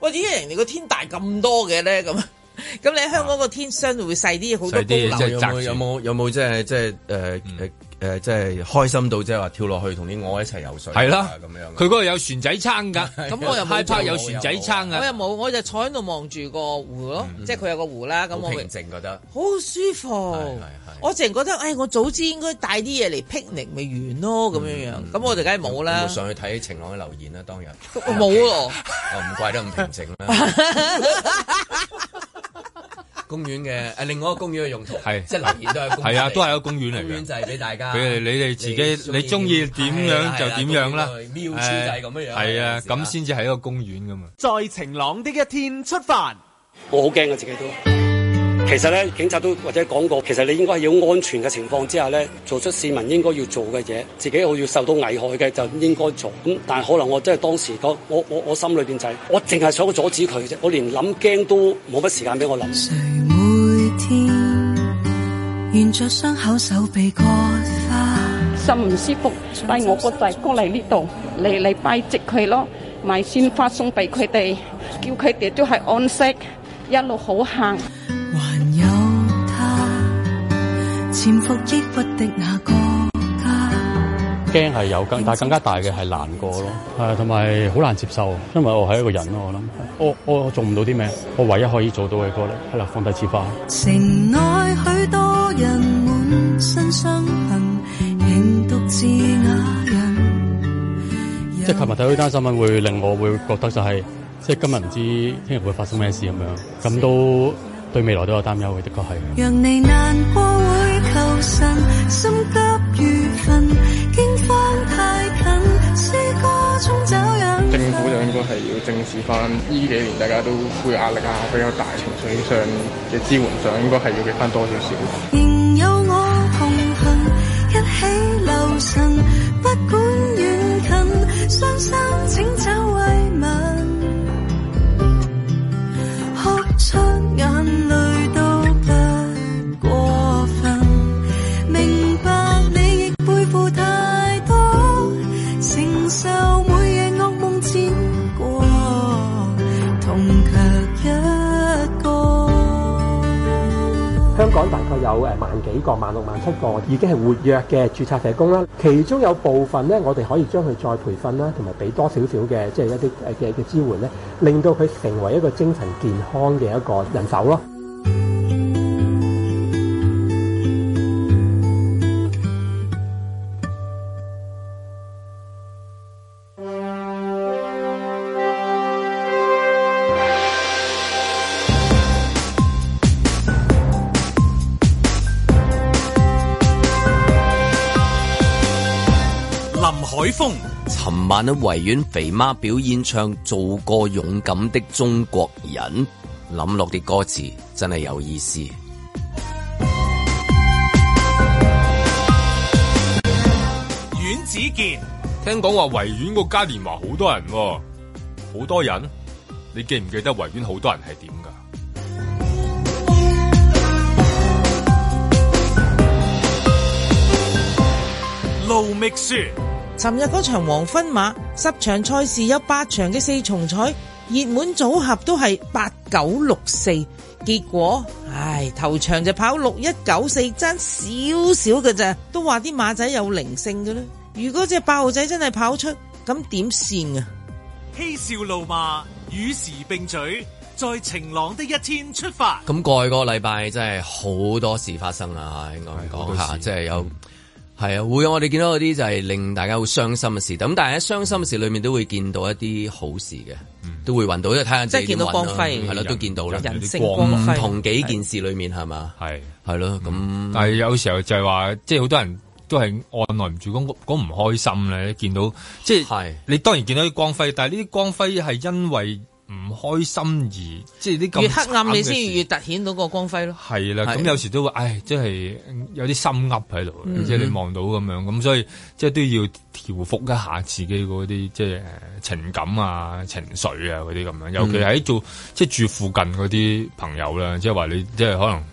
喂點解人哋個天大咁多嘅咧？咁，咁你喺香港個天相對會細啲，好、啊、多高樓有冇有冇即係即係誒？誒，即係開心到，即係話跳落去同啲我一齊游水。係啦，咁樣。佢嗰度有船仔撐㗎，咁我又害怕有船仔撐㗎。我又冇，我就坐喺度望住個湖咯。即係佢有個湖啦。咁我平靜覺得好舒服。我淨係覺得，誒，我早知應該帶啲嘢嚟僻寧咪完咯，咁樣樣。咁我就梗係冇啦。上去睇晴朗嘅留言啦，當日冇咯。我唔怪得咁平靜啦。公園嘅，誒、啊，另外一個公園嘅用途係是即係林豔都係公園，啊是，都係一個公園嚟嘅。公園就係俾大家，是你哋你哋自己，歡你中意點樣就點樣啦。妙就係咁樣樣，係啊，咁先至係一個公園噶嘛。再晴朗啲嘅天出發，我好驚啊！自己都。其實咧，警察都或者講過，其實你應該要安全嘅情況之下咧，做出市民應該要做嘅嘢，自己要受到危害嘅就應該做。咁、嗯、但係可能我真係當時講，我我我心裏邊就是，我淨係想阻止佢啫，我連諗驚都冇乜時間俾我諗。心唔舒服，帶我個仔過嚟呢度，嚟嚟拜祭佢咯，買鮮花送俾佢哋，叫佢哋都係安息，一路好行。伏，那驚係有更，但係更加大嘅係難過咯，係同埋好難接受，因為我係一個人咯，我諗，我我做唔到啲咩，我唯一可以做到嘅嗰，啲，係啦，放低字花。城內許多人滿身傷痕，仍獨自啞忍。即係琴日睇到呢單新聞，會令我會覺得就係、是，即係今日唔知，聽日會發生咩事咁樣，咁都。對未來都有擔憂嘅，的確係。讓你難過會求神，心急如焚，方太近詩歌，政府就應該係要正視翻，呢幾年大家都會壓力啊，比較大情緒上嘅支援上應該，應該係要俾翻多少少。仍有我同行，一起留神，不管遠近，心。1> 有誒萬幾個、萬六萬七個已經係活躍嘅註冊社工啦，其中有部分咧，我哋可以將佢再培訓啦，同埋俾多少少嘅即係一啲誒嘅嘅支援咧，令到佢成為一個精神健康嘅一個人手咯。晚喺維園肥媽表演唱做個勇敢的中國人，諗落啲歌詞真係有意思。阮子健，聽講話維園個嘉年華好多人、啊，好多人，你記唔記得維園好多人係點㗎？盧覓雪。尋日嗰場黃昏馬十場賽事有八場嘅四重彩熱門組合都係八九六四，結果唉頭場就跑六一九四爭少少嘅咋，都話啲馬仔有靈性嘅啦。如果隻豹仔真係跑出，咁點算啊？嬉笑怒罵與時並舉，在晴朗的一天出發。咁過去個禮拜真係好多事發生啦，我講下即係有。係啊，會有我哋見到嗰啲就係令大家好傷心嘅事。咁但係喺傷心嘅事裏面都會見到一啲好事嘅，嗯、都會揾到睇下，睇下即係見到光輝，係咯、啊，人都見到啦。人性光輝同幾件事裏面係嘛？係係咯，咁但係有時候就係話，即係好多人都係按耐唔住嗰嗰唔開心咧。見到即係是你當然見到啲光輝，但係呢啲光輝係因為。唔開心而即係啲咁，越黑暗你先越突顯到個光輝咯。係啦的，咁的有時都會，唉，即係有啲心噏喺度，即係你望到咁樣，咁所以即係都要調伏一下自己嗰啲即係情感啊、情緒啊嗰啲咁樣。尤其喺做即係住附近嗰啲朋友啦，即係話你即係可能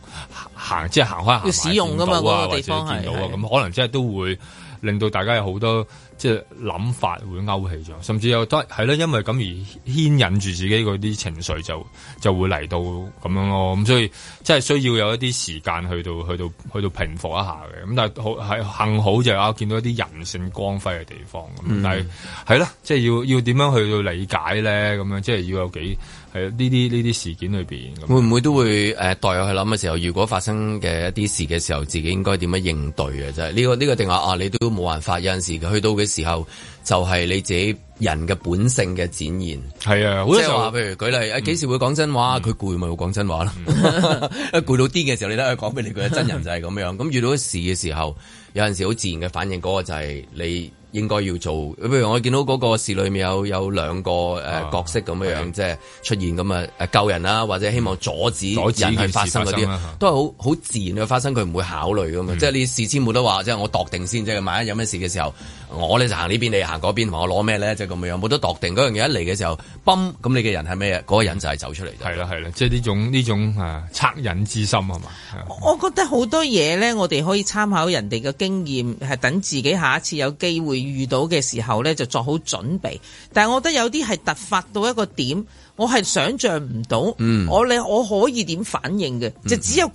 行即係行開行埋使見到啊，地方見到啊，咁可能即係都會令到大家有好多。即係諗法會勾起咗，甚至又得係啦，因為咁而牽引住自己嗰啲情緒就，就就會嚟到咁樣咯。咁所以即係需要有一啲時間去到去到去到平復一下嘅。咁但係好係幸好就有、係、見到一啲人性光輝嘅地方。咁、嗯、但係係啦，即係要要點樣去到理解咧？咁樣即係要有幾。係啊，呢啲呢啲事件裏邊，會唔會都會誒、呃、代我去諗嘅時候，如果發生嘅一啲事嘅時候，自己應該點樣應對啊？真係呢個呢、這個定話啊，你都冇辦法。有陣時去到嘅時候，就係、是、你自己人嘅本性嘅展現。係啊，即係話，譬如舉例，幾、嗯、時會講真話？佢攰咪會講真話咯。攰、嗯、 [LAUGHS] 到啲嘅時候，你都佢講俾你，佢真人就係咁樣。咁、嗯、遇到事嘅時候，有陣時好自然嘅反應，嗰個就係你。你你應該要做，譬如我見到嗰個事裏面有有兩個誒、呃啊、角色咁樣樣，的即係出現咁啊誒救人啦、啊，或者希望阻止人係發生嗰啲，都係好好自然去發生，佢唔會考慮噶嘛、嗯，即係你事先冇得話，即係我度定先，即係萬一有咩事嘅時候。我咧就行呢邊，你行嗰邊。同我攞咩咧，就係咁樣。冇得度定，嗰樣嘢一嚟嘅時候，崩咁你嘅人係咩？嗰、嗰個人就係走出嚟。係啦係啦，即係呢種呢種啊，惻、呃、隱之心係嘛 [MUSIC] ？我覺得好多嘢咧，我哋可以參考人哋嘅經驗，係等自己下一次有機會遇到嘅時候咧，就作好準備。但係我覺得有啲係突發到一個點。我係想象唔到、嗯，我你我可以點反應嘅？嗯、就只有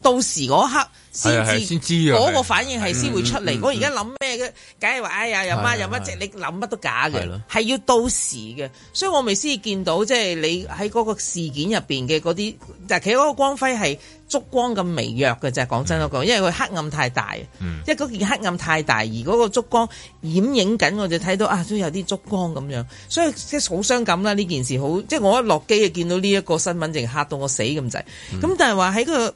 到時嗰一刻先至，嗰、嗯嗯嗯、個反應係先會出嚟。嗯嗯嗯、我而家諗咩嘅？梗係話哎呀有乜有乜啫！是的是你諗乜都假嘅，係是的 要到時嘅。所以我未先至見到，即、就、係、是、你喺嗰個事件入邊嘅嗰啲，但係其實嗰個光輝係。燭光咁微弱嘅就係，講真嗰個，因為佢黑暗太大，嗯、即係嗰件黑暗太大，而嗰個燭光掩影緊，我就睇到啊，都有啲燭光咁樣，所以即係好傷感啦。呢件事好，即係我一落機啊，見到呢一個新聞，淨係吓到我死咁滯。咁、嗯、但係話喺個，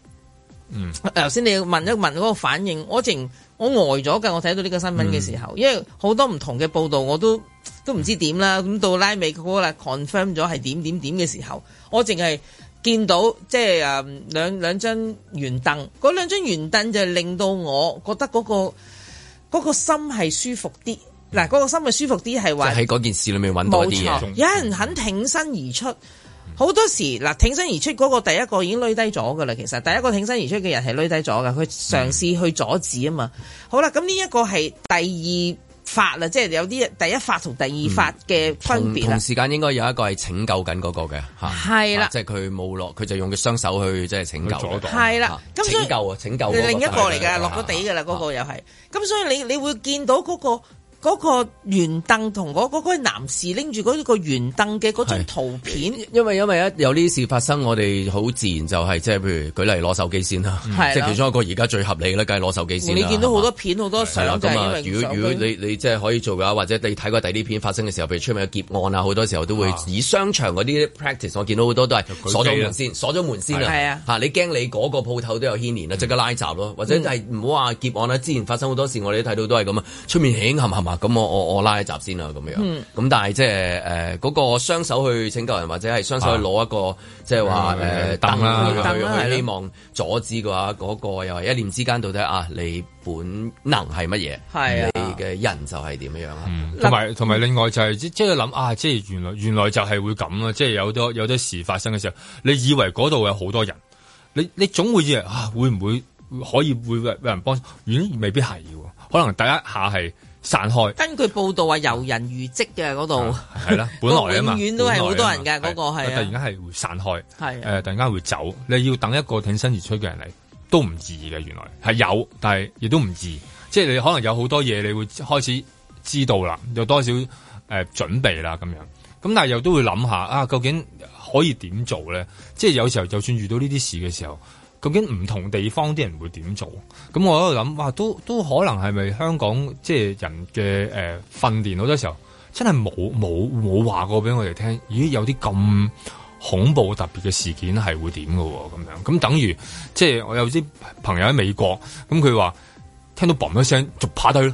頭先、嗯、你問一問嗰個反應，我淨我呆咗噶，我睇到呢個新聞嘅時候，嗯、因為好多唔同嘅報道，我都都唔知點啦。咁、嗯、到拉尾嗰個啦 confirm 咗係點點點嘅時候，我淨係。見到即係誒兩兩張圓凳，嗰兩張圓凳就令到我覺得嗰、嗰個嗰個心係舒服啲。嗱，嗰個心係舒服啲係話喺嗰件事裏面揾多啲嘢。有人肯挺身而出，好多時嗱挺身而出嗰個第一個已經累低咗噶啦。其實第一個挺身而出嘅人係累低咗噶，佢嘗試去阻止啊嘛。嗯、好啦，咁呢一個係第二。法啦，即係有啲第一法同第二法嘅分別，嗯、同，同時間應該有一個係拯救緊嗰個嘅嚇，係啦的、啊，即係佢冇落，佢就用佢雙手去即係拯救。係啦，咁所以拯救啊、嗰個，拯救另一個嚟嘅，的落咗地㗎啦，嗰、啊、個又係。咁、啊啊、所以你你會見到嗰、嗰個。嗰個圓凳同嗰個男士拎住嗰一個圓凳嘅嗰張圖片，因為因為一有呢事發生，我哋好自然就係即係譬如舉例攞手機先啦，即係其中一個而家最合理嘅，梗係攞手機先。你見到好多片好多相就係因為手機。如果如果你你即係可以做嘅話，或者你睇過第啲片發生嘅時候，譬如出面嘅劫案啊，好多時候都會以商場嗰啲 practice，我見到好多都係鎖咗門先，鎖咗門先啊，嚇你驚你嗰個鋪頭都有牽連啊，即刻拉閘咯，或者就係唔好話劫案啦。之前發生好多事，我哋都睇到都係咁啊，出面行行行咁、啊、我我我拉一集先啦，咁樣咁，嗯、但係即係誒嗰個雙手去拯救人，或者係雙手去攞一個即係話誒燈啦，希、啊、望阻止嘅話，嗰、那個又係一念之間到底啊？你本能係乜嘢？係、啊、你嘅人就係點樣樣。同埋同埋，嗯、另外就係即係諗啊，即係原來原來就係會咁啦。即係有多有啲事發生嘅時候，你以為嗰度有好多人，你你總會以為啊，會唔會可以會為有人幫？如果未必係，可能第一下係。散開，根據報道話遊人如織嘅嗰度，係啦， [LAUGHS] 本來啊嘛， [LAUGHS] 永遠都係好多人嘅嗰、嗰個係突然間係會散開，係誒的的，突然間會走，你要等一個挺身而出嘅人嚟都唔易嘅，原來係有，但係亦都唔易，即係你可能有好多嘢，你會開始知道啦，有多少誒、呃、準備啦咁樣，咁但係又都會諗下啊，究竟可以點做咧？即係有時候就算遇到呢啲事嘅時候。究竟唔同地方啲人會點做？咁我喺度諗，哇，都都可能係咪香港即係人嘅誒訓練好多時候真係冇冇冇話過俾我哋聽？咦，有啲咁恐怖特別嘅事件係會點嘅？咁樣咁等於即係我有啲朋友喺美國，咁佢話聽到嘣一聲就趴低咯，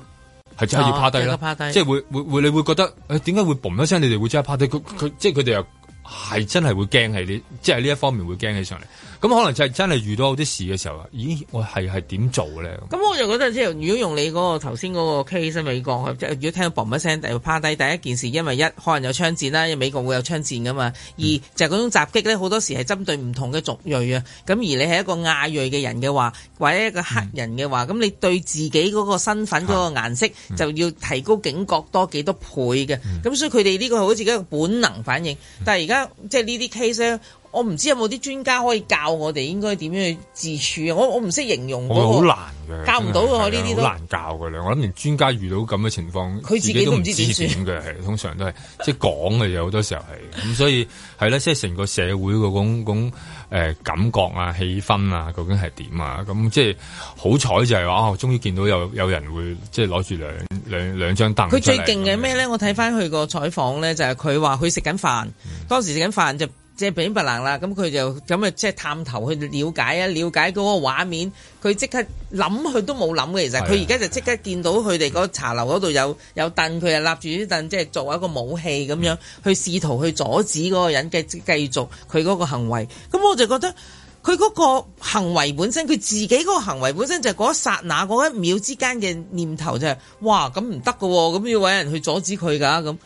係真係要趴低咯，啊、即係會會會你會覺得誒，點解會嘣一聲，你哋會即係趴低？佢即係佢哋又係真係會驚起，呢，即係呢一方面會驚起上嚟。嗯咁可能就係真係遇到好啲事嘅時候啊！咦，我係係點做咧？咁我就覺得即係如果用你嗰、那個頭先嗰個 case 喺美國，即如果聽到嘣一聲，第二趴低第一件事，因為一可能有槍戰啦，因為美國會有槍戰噶嘛。二就係嗰種襲擊咧，好多時係針對唔同嘅族裔啊。咁而你係一個亞裔嘅人嘅話，或者一個黑人嘅話，咁、嗯、你對自己嗰個身份嗰、啊、個顏色就要提高警覺多幾多倍嘅。咁、嗯、所以佢哋呢個係好似一個本能反應。但係而家即係呢啲 case 咧。我唔知有冇啲專家可以教我哋應該點樣去自處啊！我我唔識形容，我好難嘅，教唔到嘅呢啲都好難教嘅咧。我諗連專家遇到咁嘅情況，佢自，自己都唔知點嘅，係通常都係 [LAUGHS] 即係講嘅有好多時候係咁、嗯，所以係啦，即係成個社會嗰種誒感覺啊氣氛啊究竟係點啊？咁、嗯、即係好彩就係、是、話哦，終於見到有有人會即係攞住兩兩兩張凳。佢最勁嘅咩咧？ [LAUGHS] 我睇翻佢個採訪咧，就係佢話佢食緊飯，嗯、當時食緊飯就。即係不明不諒啦，咁佢就咁啊，即係探頭去了解啊，了解嗰個畫面。佢即刻諗，佢都冇諗嘅。其實佢而家就即刻見到佢哋嗰茶樓嗰度有有凳，佢啊立住啲凳，即係作為一個武器咁樣去試圖去阻止嗰個人繼繼續佢嗰個行為。咁我就覺得佢嗰個行為本身，佢自己嗰個行為本身就係嗰一剎那嗰一秒之間嘅念頭就係、是、哇，咁唔得嘅喎，咁要揾人去阻止佢噶咁。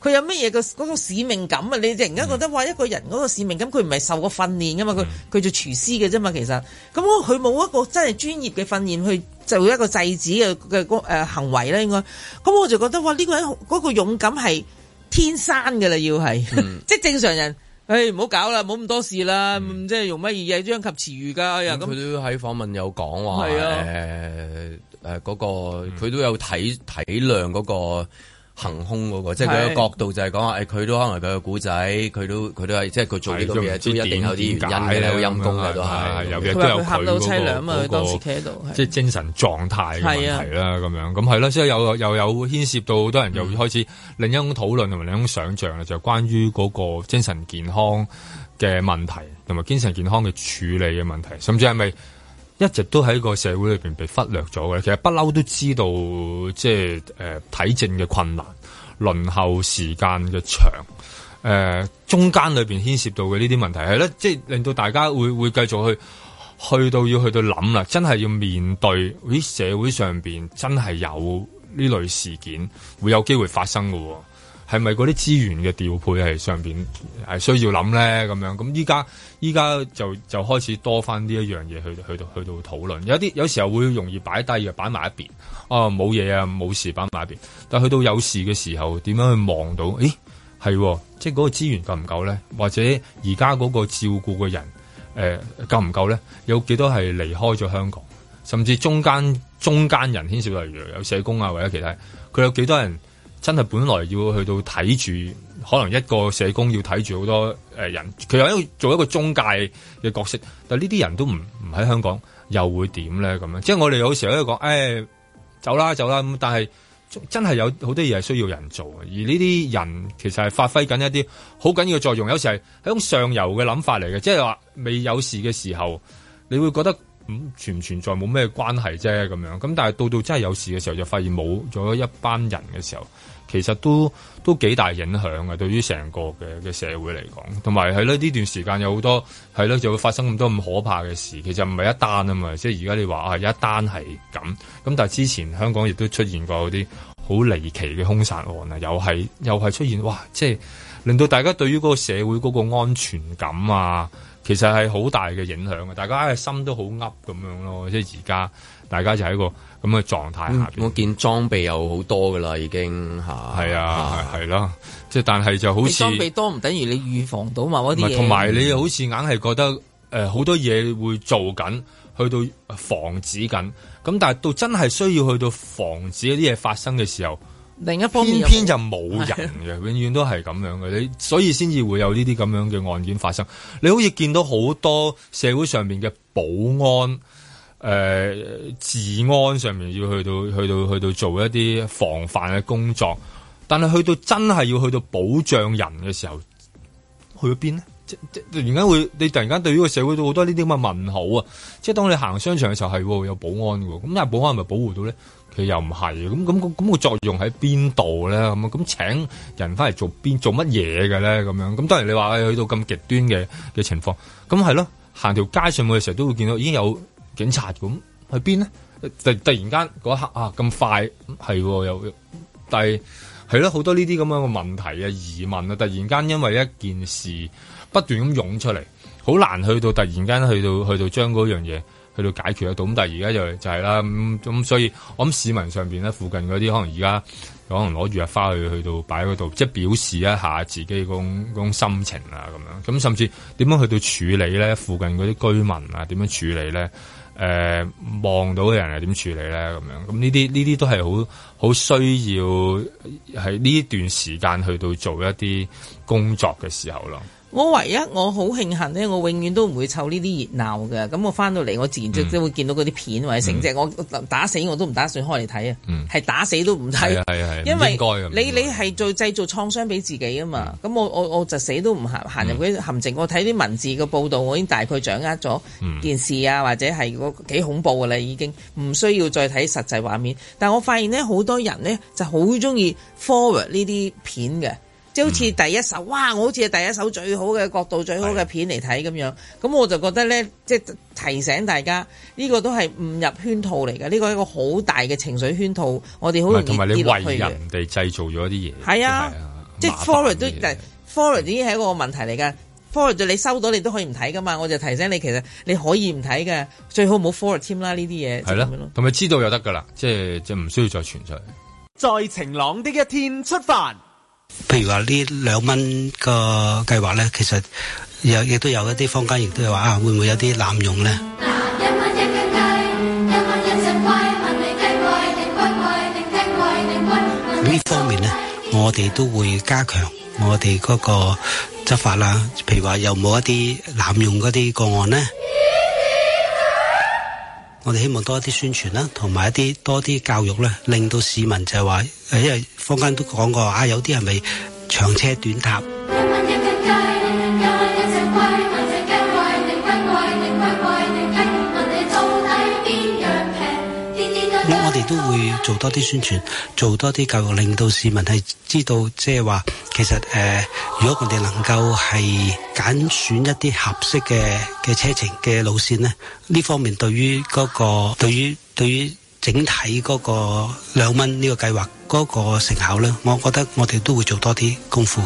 佢有乜嘢個嗰個使命感啊？你突然間覺得話，一個人嗰個使命感，佢唔係受過訓練噶嘛？佢佢做廚師嘅啫嘛，其實咁佢冇一個真係專業嘅訓練去做一個制止嘅嘅個行為咧，應該咁我就覺得哇，呢個人嗰個勇敢係天生嘅啦，要係即係正常人，誒唔好搞啦，冇咁多事啦，即係用乜嘢殃及池魚噶？又咁佢都喺訪問有講話，係啊，誒誒嗰個佢都有體體諒嗰、嗰個。行空嗰、那個，即係佢個角度就係講話，誒、哎、佢都可能佢、這個古仔，佢都佢都係即係佢做呢個嘢，都一定有啲原因嘅咧，陰公嘅都係、那個，因為佢嚇到淒涼啊嘛，佢當時企喺度即係精神狀態嘅問題啦，咁樣咁係咯，所以有又有，有牽涉到好多人又開始另一種討論同埋、嗯、另一種想象咧，就係關於嗰個精神健康嘅問題同埋精神健康嘅處理嘅問題，甚至係咪？一直都喺個社會裏邊被忽略咗嘅，其實不嬲都知道，即係誒、呃、體證嘅困難、輪候時間嘅長、誒、呃、中間裏邊牽涉到嘅呢啲問題係咧，即係令到大家會會繼續去去到要去到諗啦，真係要面對喺社會上邊真係有呢類事件會有機會發生嘅、哦。係咪嗰啲資源嘅調配係上邊係需要諗咧？咁樣咁依家依家就就開始多翻呢一樣嘢去去到去到討論。有啲有時候會容易擺低嘅擺埋一邊，哦、啊冇嘢啊冇事擺埋一邊。但係去到有事嘅時候，點樣去望到？誒係、哦、即係嗰個資源夠唔夠咧？或者而家嗰個照顧嘅人誒、呃、夠唔夠咧？有幾多係離開咗香港？甚至中間中間人牽涉到，例如有社工啊或者其他，佢有幾多人？真係本來要去到睇住，可能一個社工要睇住好多誒、呃、人，佢有一做一個中介嘅角色。但係呢啲人都唔唔喺香港，又會點咧？咁樣即係我哋有時候喺度講，誒走啦走啦咁。但係真係有好多嘢係需要人做，而呢啲人其實係發揮緊一啲好緊要嘅作用。有時係一種上游嘅諗法嚟嘅，即係話未有事嘅時候，你會覺得唔、嗯、存唔存在冇咩關係啫咁樣。咁但係到到真係有事嘅時候，就發現冇咗一班人嘅時候。其實都都幾大影響嘅，對於成個嘅嘅社會嚟講，同埋係咧呢段時間有好多係囉就會發生咁多咁可怕嘅事。其實唔係一單啊嘛，即係而家你話啊，有一單係咁。咁但係之前香港亦都出現過嗰啲好離奇嘅兇殺案啊，又係又係出現哇！即係令到大家對於嗰個社會嗰個安全感啊，其實係好大嘅影響嘅。大家嘅心都好噏咁樣咯，即係而家大家就係一個。咁嘅狀態下、嗯，我見裝備有好多噶啦，已經吓係啊，係咯、啊，即係、啊啊啊、但係就好似裝備多唔等於你預防到嘛，嗰啲嘢，同埋你好似硬係覺得誒好、呃、多嘢會做緊，去到防止緊，咁但係到真係需要去到防止一啲嘢發生嘅時候，另一方面偏偏就冇人嘅， [LAUGHS] 永遠都係咁樣嘅，你所以先至會有呢啲咁樣嘅案件發生。你好似見到好多社會上面嘅保安。誒、呃、治安上面要去到去到去到，去到做一啲防範嘅工作，但係去到真係要去到保障人嘅時候，去咗邊呢？即即突然間會，你突然間對於個社會度好多呢啲咁嘅問號啊！即係當你行商場嘅時候係會有保安嘅喎，咁啊保安係咪保護到咧？其實又唔係，咁咁咁咁個作用喺邊度咧？咁咁請人翻嚟做邊做乜嘢嘅咧？咁樣咁當然你話、哎、去到咁極端嘅嘅情況，咁係咯，行條街上去嘅時候都會見到已經有。警察咁去邊呢？突突然間嗰刻啊，咁快係又，但係係咯，好多呢啲咁樣嘅問題啊、疑問啊，突然間因為一件事不斷咁湧出嚟，好難去到突然間去到去到將嗰樣嘢去到解決得到。咁但係而家就就係啦，咁、嗯、咁，所以我諗市民上邊咧，附近嗰啲可能而家可能攞住啊花去去到擺嗰度，即係表示一下自己嗰種嗰種心情啊咁樣。咁甚至點樣去到處理咧？附近嗰啲居民啊，點樣處理咧？誒望、呃、到嘅人係點處理咧？咁樣，咁呢啲呢啲都係好好需要喺呢一段時間去到做一啲工作嘅時候咯。我唯一我好慶幸咧，我永遠都唔會湊呢啲熱鬧嘅。咁我返到嚟，我自然即即會見到嗰啲片、嗯、或者成隻，我打死我都唔打算開嚟睇啊，係打死都唔睇啊。啊因為你你係再製造創傷俾自己啊嘛。咁、嗯、我我我就死都唔行行入嗰啲陷阱。嗯、我睇啲文字嘅報道，我已經大概掌握咗件事啊，或者係個幾恐怖嘅啦，已經唔需要再睇實際畫面。但我發現咧，好多人咧就好鍾意 forward 呢啲片嘅。即好似第一首哇！我好似係第一首最好嘅角度、最好嘅片嚟睇咁樣，咁是的 我就覺得咧，即係提醒大家，呢、這個都係誤入圈套嚟嘅。呢、這個係一個好大嘅情緒圈套，我哋好容易同埋你為人哋製造咗一啲嘢，係啊的，即係 forward 都，forward 已經係一個問題嚟嘅。forward 你收到你都可以唔睇噶嘛，我就提醒你，其實你可以唔睇嘅，最好唔好 forward 添啦。呢啲嘢係咯，同埋知道就得噶啦，即係即唔需要再存在。再在晴朗的一天出發。譬如話呢兩蚊個計劃咧，其實有亦都有一啲坊間亦都話啊，會唔會有啲濫用咧？嗱，一蚊一隻雞，一蚊一隻龜，問你雞貴定龜貴？定雞貴定龜？呢方面呢，我哋都會加強我哋嗰個執法啦。譬如話有冇一啲濫用嗰啲個案呢？我哋希望多啲宣傳啦，同埋一啲多啲教育咧，令到市民就係話，因為坊間都講過啊，有啲人咪長車短搭。 [MUSIC] 都會做多啲宣傳，做多啲教育，令到市民係知道，即係話其實誒、呃，如果佢哋能夠係揀選一啲合適嘅嘅車程嘅路線呢，呢方面對於嗰個對於對於整體嗰個兩蚊呢個計劃嗰個成效呢，我覺得我哋都會做多啲功夫。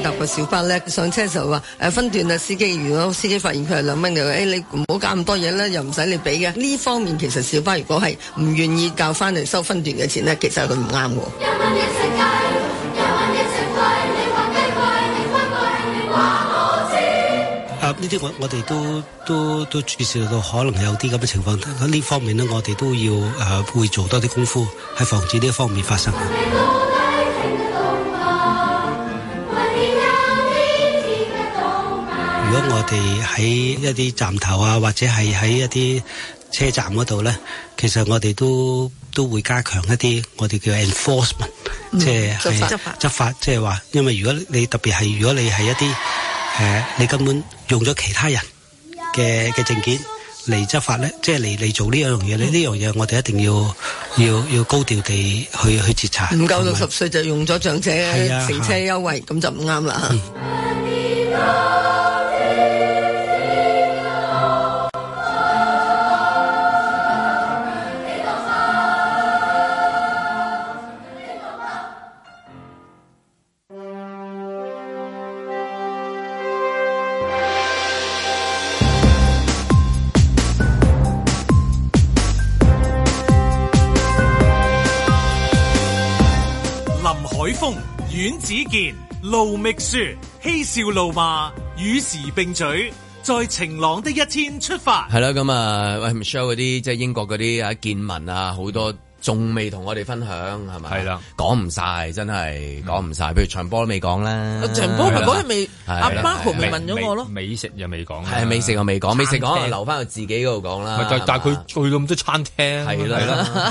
搭個小巴咧，上車時候話誒分段啊，司機如果司機發現佢係兩蚊嘅，誒、欸、你唔好搞咁多嘢啦，又唔使你俾嘅。呢方面其實小巴如果係唔願意交翻嚟，收分段嘅錢呢，其實佢唔啱嘅。啊，呢啲我哋都都都，都注視到，可能有啲咁嘅情況。呢方面呢，我哋都要誒會、呃、做多啲功夫，喺防止呢一方面發生。啊哋喺一啲站頭啊，或者係喺一啲車站嗰度咧，其實我哋都都會加強一啲我哋叫 enforcement，即係執法，即係話，因為如果你特別係如果你係一啲誒，你根本用咗其他人嘅嘅證件嚟執法咧，即係嚟嚟做呢樣嘢咧，你呢樣嘢我哋一定要要要高調地去去徹查。唔夠六十歲就用咗長者乘車優惠，咁就唔啱啦。子健、盧覓雪，嬉笑怒罵與時並舉，在晴朗的一天出發。係 [NOISE] 啦楽，咁啊，喂，唔收嗰啲即係英國嗰啲啊見聞啊，好多。仲未同我哋分享係咪？係啦，講唔晒，真係講唔晒，譬如場波都未講啦，場波咪嗰日未阿 Marco 咪問咗我咯。美食又未講，係美食又未講，美食講留翻佢自己嗰度講啦。但但係佢去到咁多餐廳係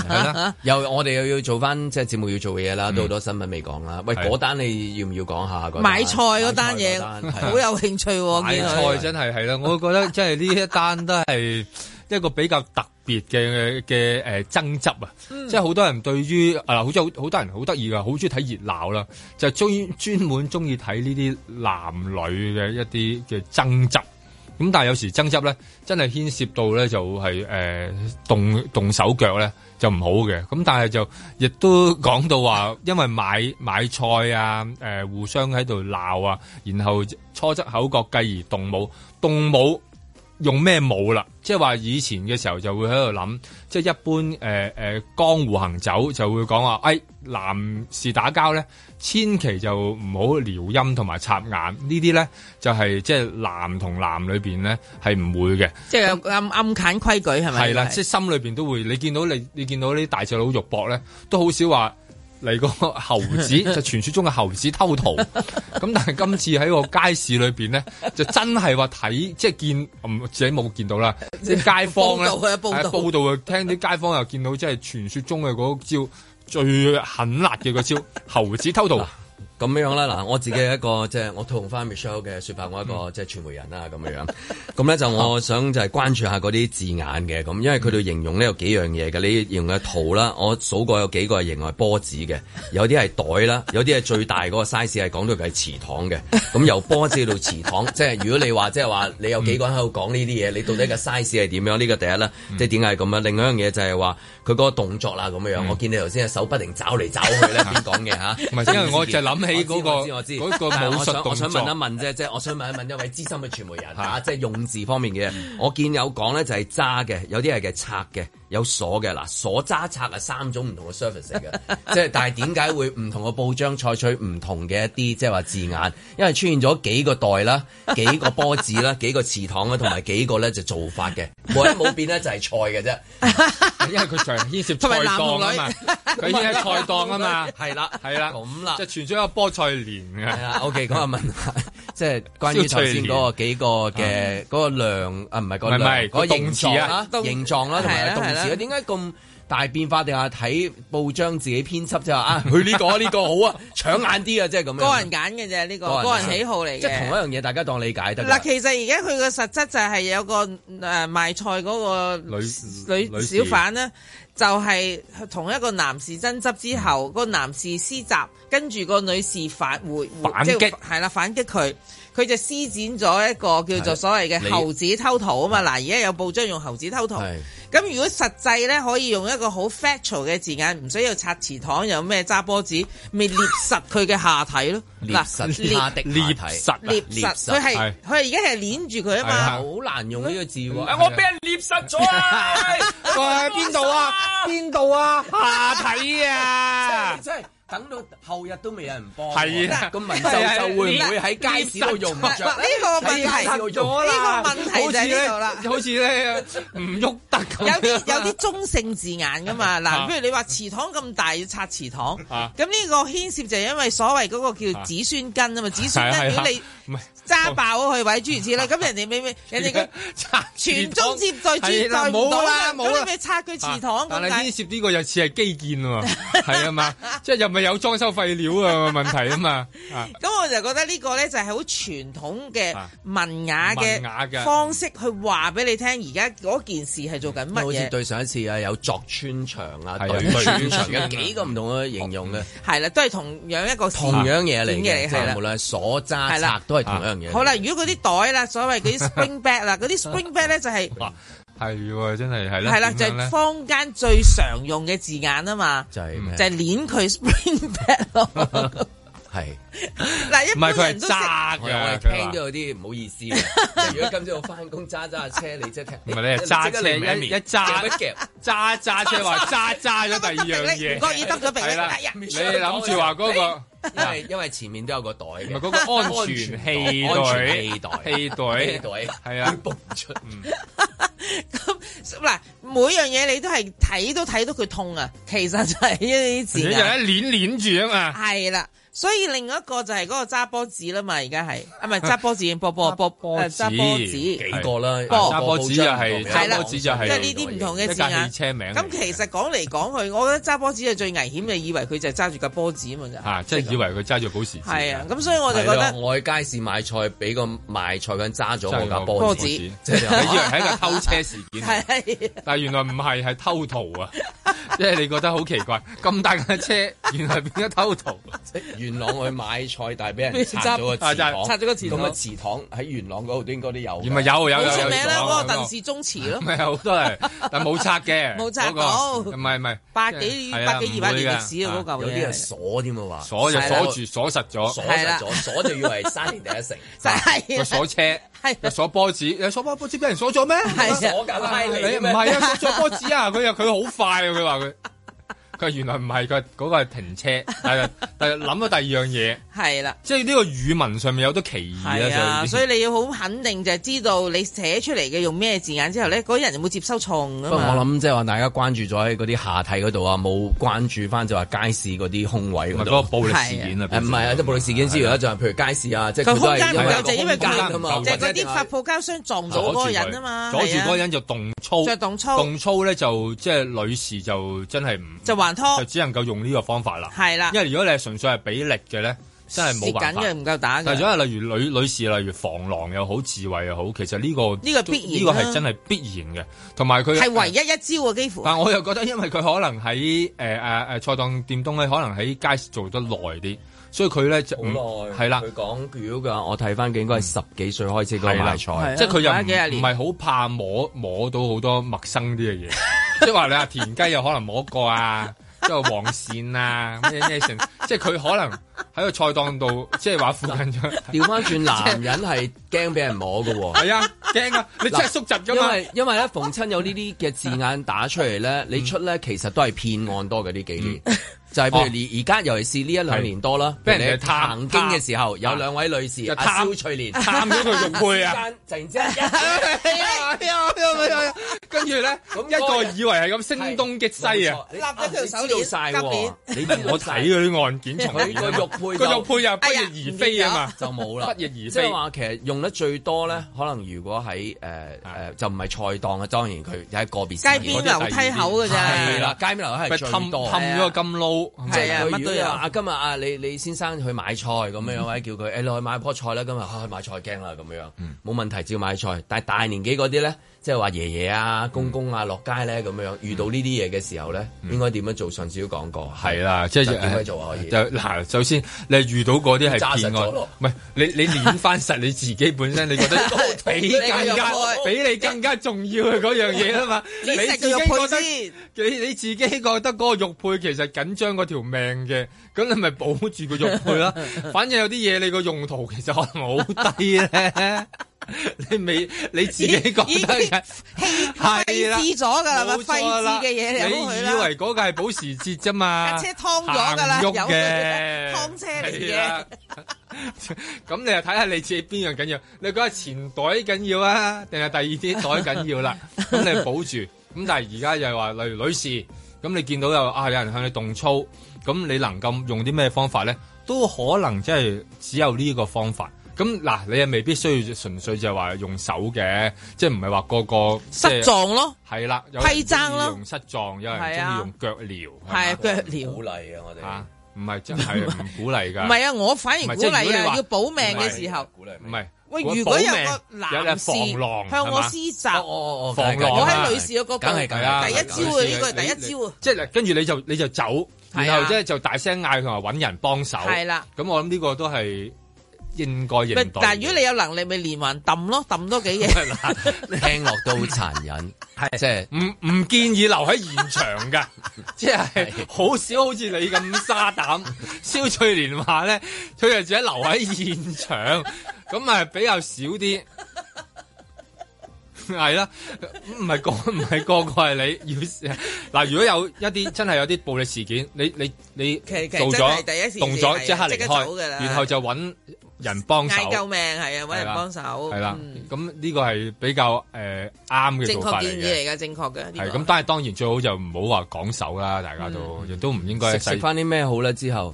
啦，又我哋又要做翻即係節目要做嘅嘢啦，都好多新聞未講啦。喂，嗰單你要唔要講下？買菜嗰單嘢好有興趣，買菜真係係啦。我覺得即係呢一單都係一個比較特別嘅嘅誒爭執啊，嗯、即係好多人對於啊，好中好多人好得意噶，好中意睇熱鬧啦，就專、是、專門中意睇呢啲男女嘅一啲嘅爭執。咁、嗯、但係有時爭執咧，真係牽涉到咧就係、是、誒、呃、動動手腳咧就唔好嘅。咁、嗯、但係就亦都講到話，因為買買菜啊誒、呃，互相喺度鬧啊，然後初則口角，繼而動武，動武。用咩武啦？即係話以前嘅時候就會喺度諗，即係一般誒誒、呃呃、江湖行走就會講話，哎，男士打交咧，千祈就唔好撩陰同埋插眼呢啲咧，就係即係男同男裏邊咧係唔會嘅。即係暗暗揀規矩係咪？係啦、嗯，即係心裏邊都會。你見到你，你見到呢啲大隻佬肉搏咧，都好少話。嚟個猴子就傳、是、説中嘅猴子偷桃，咁 [LAUGHS] 但係今次喺個街市裏邊咧，就真係話睇即係見唔、嗯、自己冇見到啦。啲 [LAUGHS] 街坊咧喺報道啊，道道 [LAUGHS] 聽啲街坊又見到即係傳説中嘅嗰招最狠辣嘅嗰招 [LAUGHS] 猴子偷桃。咁樣啦，嗱，我自己一個即係、就是、我套用翻 Michelle 嘅説法，我一個即係、就是、傳媒人啦咁樣樣。咁咧就我想就係關注下嗰啲字眼嘅，咁因為佢哋形容呢有幾樣嘢嘅。你形容嘅圖啦，我數過有幾個係形容波子嘅，有啲係袋啦，有啲係最大嗰 [LAUGHS] 個 size 係講到佢係祠堂嘅。咁由波子到祠堂， [LAUGHS] 即係如果你話即係話你有幾個人喺度講呢啲嘢，你到底嘅 size 係點樣？呢 [LAUGHS] 個第一啦，即係點解係咁樣？另一樣嘢就係話佢嗰個動作啦，咁樣樣。 [LAUGHS] 我見你頭先係手不停找嚟走去咧，點講嘅嚇？唔、啊、 [LAUGHS] 因為我就係 [LAUGHS] 個、哎、我知我知，我知我知 [LAUGHS] 但係我想我想問一問啫，即係 [LAUGHS] [LAUGHS] 我想問一問一，問一位資深嘅傳媒人嚇、 [LAUGHS] 啊，即係用字方面嘅，我見有講咧就係揸嘅，有啲係嘅拆嘅。有鎖嘅嗱，鎖揸拆係，三種唔同嘅 service 嘅，即係，但係點解會唔同嘅報章採取唔同嘅一啲即係話字眼？因為出現咗幾個袋啦，幾個波子啦，幾個祠堂啦，同埋幾個咧就做法嘅，冇一冇變咧就係菜嘅啫，因為佢長牽涉菜檔啊嘛，佢已經係菜檔啊嘛，係啦係啦，咁啦，即係傳咗一個菠菜蓮嘅。係啊，OK，咁啊問，即係關於頭先嗰個幾個嘅嗰個量啊，唔係嗰個形狀啊，形狀啦，同埋。點解咁大變化？定係睇報章自己編輯啫？啊，佢呢個呢個好啊，搶 [LAUGHS] 眼啲啊，即係咁樣。個人揀嘅啫，呢個個人喜好嚟嘅。即係同一樣嘢，大家當理解得。嗱，其實而家佢個實質就係有個誒、呃、賣菜嗰個女女小販呢，就係、是、同一個男士爭執之後，個男士施襲，跟住個女士反回,回反擊，係啦反擊佢。佢就施展咗一個叫做所謂嘅猴子偷桃啊嘛，嗱，而家有報章用猴子偷桃，咁如果實際咧可以用一個好 factual 嘅字眼，唔需要拆祠堂，有咩揸波子，咪捏實佢嘅下體咯，嗱，捏的下體，捏實佢係佢而家係捏住佢啊嘛，好難用呢個字喎，我俾人捏實咗啊，喺邊度啊？邊度啊？下體啊！等到後日都未有人幫，係啊，咁就生就會唔會喺街市都用唔著？呢個問題，呢個問題就係呢度啦，好似咧唔喐得咁。有啲有啲中性字眼噶嘛？嗱，譬如你話祠堂咁大要拆祠堂，咁呢個牽涉就係因為所謂嗰個叫子孫根啊嘛，子孫根如果你唔係。揸爆去位諸如此啦，咁人哋咩咩？人哋嘅傳宗接代接代冇到啦，咁你咪拆佢祠堂咁解？但係呢個又似係基建喎，係啊嘛，即係又咪有裝修廢料啊問題啊嘛。咁我就覺得呢個咧就係好傳統嘅文雅嘅方式去話俾你聽，而家嗰件事係做緊乜嘢？好似對上一次啊，有作穿牆啊，對穿牆嘅幾個唔同嘅形容咧，係啦，都係同樣一個同樣嘢嚟嘅，即係無論係鎖揸都係同樣。好啦，如果嗰啲袋啦，所謂嗰啲 spring back 啦，嗰啲 spring back 咧就係，係真係係啦，係啦就係坊間最常用嘅字眼啊嘛，就係就係捻佢 spring back 咯，係，嗱一般人都揸佢，我哋聽到有啲唔好意思，如果今朝我翻工揸揸下車，你即係唔係咧？揸車一揸一揸車話揸揸咗第二樣嘢，唔覺意得咗病啦，你諗住話嗰個。因為因為前面都有個袋嘅，嗰個安全氣袋，氣 [LAUGHS] 袋，氣袋，係啊，會蹦出。咁嗱，每樣嘢你都係睇都睇到佢痛啊，其實就係一啲字啊，一捻捻住啊嘛，係啦。所以另一個就係嗰個揸波子啦嘛，而家係啊，唔揸波子，波波波波揸波子幾個啦，揸波子就係揸波子就係即係呢啲唔同嘅字眼。咁其實講嚟講去，我覺得揸波子係最危險嘅，以為佢就揸住架波子啊嘛，就即係以為佢揸住保時。係啊，咁所以我就覺得我喺街市買菜，俾個賣菜緊揸咗我架波子，即係以為係一個偷車事件，係但係原來唔係係偷盜啊！即係你覺得好奇怪，咁大架車，原來變咗偷盜。元朗去買菜，但係俾人拆咗個祠堂，祠堂。咁啊祠堂喺元朗嗰度應該都有。唔咪有有有。出名啦，個鄧氏宗祠咯。咪好多係，但冇拆嘅。冇拆好。唔係唔係。百幾百幾二百年歷史啊，嗰啲嘢鎖添啊話。鎖就鎖住鎖實咗。鎖咗，鎖就要係三年第一成。就係。鎖車。係。又鎖波子，又鎖波子，波子俾人鎖咗咩？係啊。你唔係啊？鎖咗波子啊！佢又佢好快啊！佢話佢。佢原來唔係，佢嗰個係停車，但係但係諗到第二樣嘢，係啦，即係呢個語文上面有啲歧義啦，所以你要好肯定就係知道你寫出嚟嘅用咩字眼之後咧，嗰人就冇接收錯誤。不過我諗即係話大家關注咗喺嗰啲下體嗰度啊，冇關注翻就話街市嗰啲空位。唔係嗰個暴力事件啊？唔係啊，即係暴力事件之餘咧，就係譬如街市啊，即係空間唔夠就因為街啊嘛，即係嗰啲發泡膠箱撞到嗰個人啊嘛，阻住嗰個人就動粗，著動粗，動粗咧就即係女士就真係唔就就只能夠用呢個方法啦，係啦的，因為如果你係純粹係俾力嘅咧，真係冇辦法，係唔夠打嘅。但係如果係例如女女士，例如防狼又好，智慧又好，其實呢、這個呢個必然呢、啊這個係真係必然嘅，同埋佢係唯一一招啊，幾乎。但係我又覺得，因為佢可能喺誒誒誒菜檔店東西，呃呃呃、可能喺街做得耐啲。所以佢咧就好耐，係啦，講表㗎。我睇翻佢應該係十幾歲開始嗰個買菜，即係佢又唔係好怕摸摸到好多陌生啲嘅嘢。即係話你話田雞有可能摸過啊，即係黃鱔啊，咩咩即係佢可能喺個菜檔度，即係話附近。調翻轉，男人係驚俾人摸㗎喎。係啊，驚啊！你即係縮集㗎嘛？因為因為咧，逢親有呢啲嘅字眼打出嚟咧，你出咧其實都係騙案多嘅呢幾年。就係譬如而而家，尤其是呢一兩年多啦。俾人去探經嘅時候，有兩位女士，阿蕭翠蓮，探咗個玉佩啊！突然之間，跟住咧，一個以為係咁聲東擊西啊，立咗條手到你唔我睇佢啲案件，佢個玉佩，佢玉佩又不翼而飛啊嘛，就冇啦。不翼而飛，即係話其實用得最多咧，可能如果喺誒誒就唔係菜檔啊，當然佢有喺個別街邊樓梯口嘅啫，係啦，街邊樓梯口係最多咗個金撈。係啊，乜、嗯、都有。啊。今日啊，李李先生去買菜咁樣，嗯、或者叫佢，誒、哎，落去買一棵菜啦。今日、啊、去買菜驚啦，咁樣，樣冇問題，照買菜。但係大年紀嗰啲咧。即係話爺爺啊、公公啊落街咧，咁樣遇到呢啲嘢嘅時候咧，應該點樣做？上次都講過，係啦，即係點樣做可以？嗱，首先你遇到嗰啲係騙案，唔係你你練翻實你自己本身，你覺得比更加比你更加重要嘅嗰樣嘢啊嘛？你自己覺得你你自己覺得嗰個玉佩其實緊張嗰條命嘅。咁你咪保住個玉佩啦，反正有啲嘢你個用途其實可能好低咧，你未你自己覺得嘅，棄廢置咗噶啦，廢置嘅嘢嚟咗佢啦。你以為嗰架係保時捷啫嘛？車劏咗噶啦，肉嘅劏車嚟嘅。咁你又睇下你自己邊樣緊要，你覺得錢袋緊要啊，定係第二啲袋緊要啦？咁你保住，咁但係而家又話，例如女士，咁你見到又啊，有人向你動粗。咁你能夠用啲咩方法咧？都可能即係只有呢個方法。咁嗱，你又未必需要純粹就係話用手嘅，即係唔係話個個膝撞咯。係啦，批踭咯。用膝撞，有人中意用腳療。係腳療，嚟勵啊我哋。吓，唔係真係唔鼓勵噶。唔係啊，我反而鼓勵啊。要保命嘅時候，鼓勵唔係。喂，如果有個男士向我施襲，防狼。我喺女士嘅角度，第一招啊，呢個係第一招。即係跟住你就你就走。然後即係就大聲嗌，佢話搵人幫手，係啦的。咁我諗呢個都係應該應對。但係如果你有能力，咪連環揼咯，揼多幾嘢。 [LAUGHS] [LAUGHS] 聽落都好殘忍，係即係唔唔建議留喺現場噶，即係好少好似你咁沙膽。肖翠蓮話咧，佢又自己留喺現場，咁啊比較少啲。係啦，唔係個唔係個個係你要。嗱，如果有一啲真係有啲暴力事件，你你你做咗動咗，即刻離開，然後就揾人幫手。嗌救命係啊，揾人幫手係啦。咁呢個係比較誒啱嘅做法嚟嘅。正確建議嚟噶，正確嘅係。咁但係當然最好就唔好話講手啦，大家都亦都唔應該食翻啲咩好啦之後。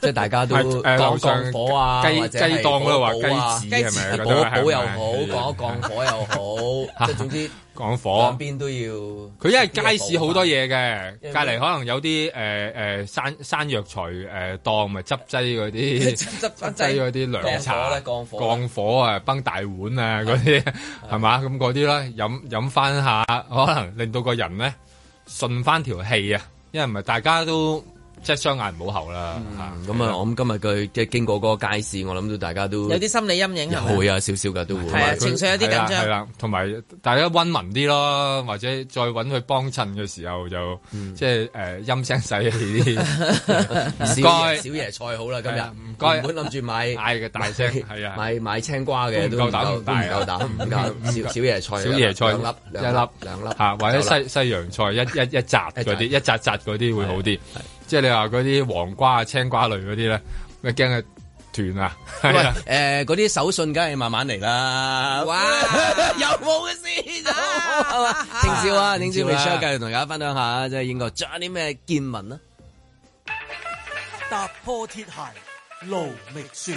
即係大家都降上火啊，雞雞檔度話，雞子係咪嗰啲？補又好，降一降火又好，即係總之降火。邊都要。佢因為街市好多嘢嘅，隔離可能有啲誒誒山山藥材誒檔，咪執劑嗰啲，執劑嗰啲涼茶咧，降火。降火啊，崩大碗啊，嗰啲係嘛？咁嗰啲啦，飲飲翻下，可能令到個人咧順翻條氣啊，因為唔係大家都。即係雙眼唔好喉啦，咁啊，我咁今日佢即係經過嗰個街市，我諗到大家都有啲心理陰影，會啊少少噶都會，情緒有啲緊張，係啦，同埋大家溫文啲咯，或者再搵佢幫襯嘅時候就即係誒陰聲細氣啲，唔該，小椰菜好啦，今日唔該，唔好諗住買嗌嘅大聲，係啊，買青瓜嘅都唔夠膽，唔夠膽，小椰菜，小椰菜一粒，兩粒，或者西西洋菜一一一紮嗰啲，一紮紮嗰啲會好啲。即係你話嗰啲黃瓜啊、青瓜類嗰啲咧，咩驚佢斷啊？係啊為，誒、 [LAUGHS] 呃，嗰啲手信梗係慢慢嚟啦。哇，啊、有冇嘅事就？聽朝啊，聽少、啊。wechat 繼續同大家分享下，即係英國仲有啲咩見聞啦、啊。踏破鐵鞋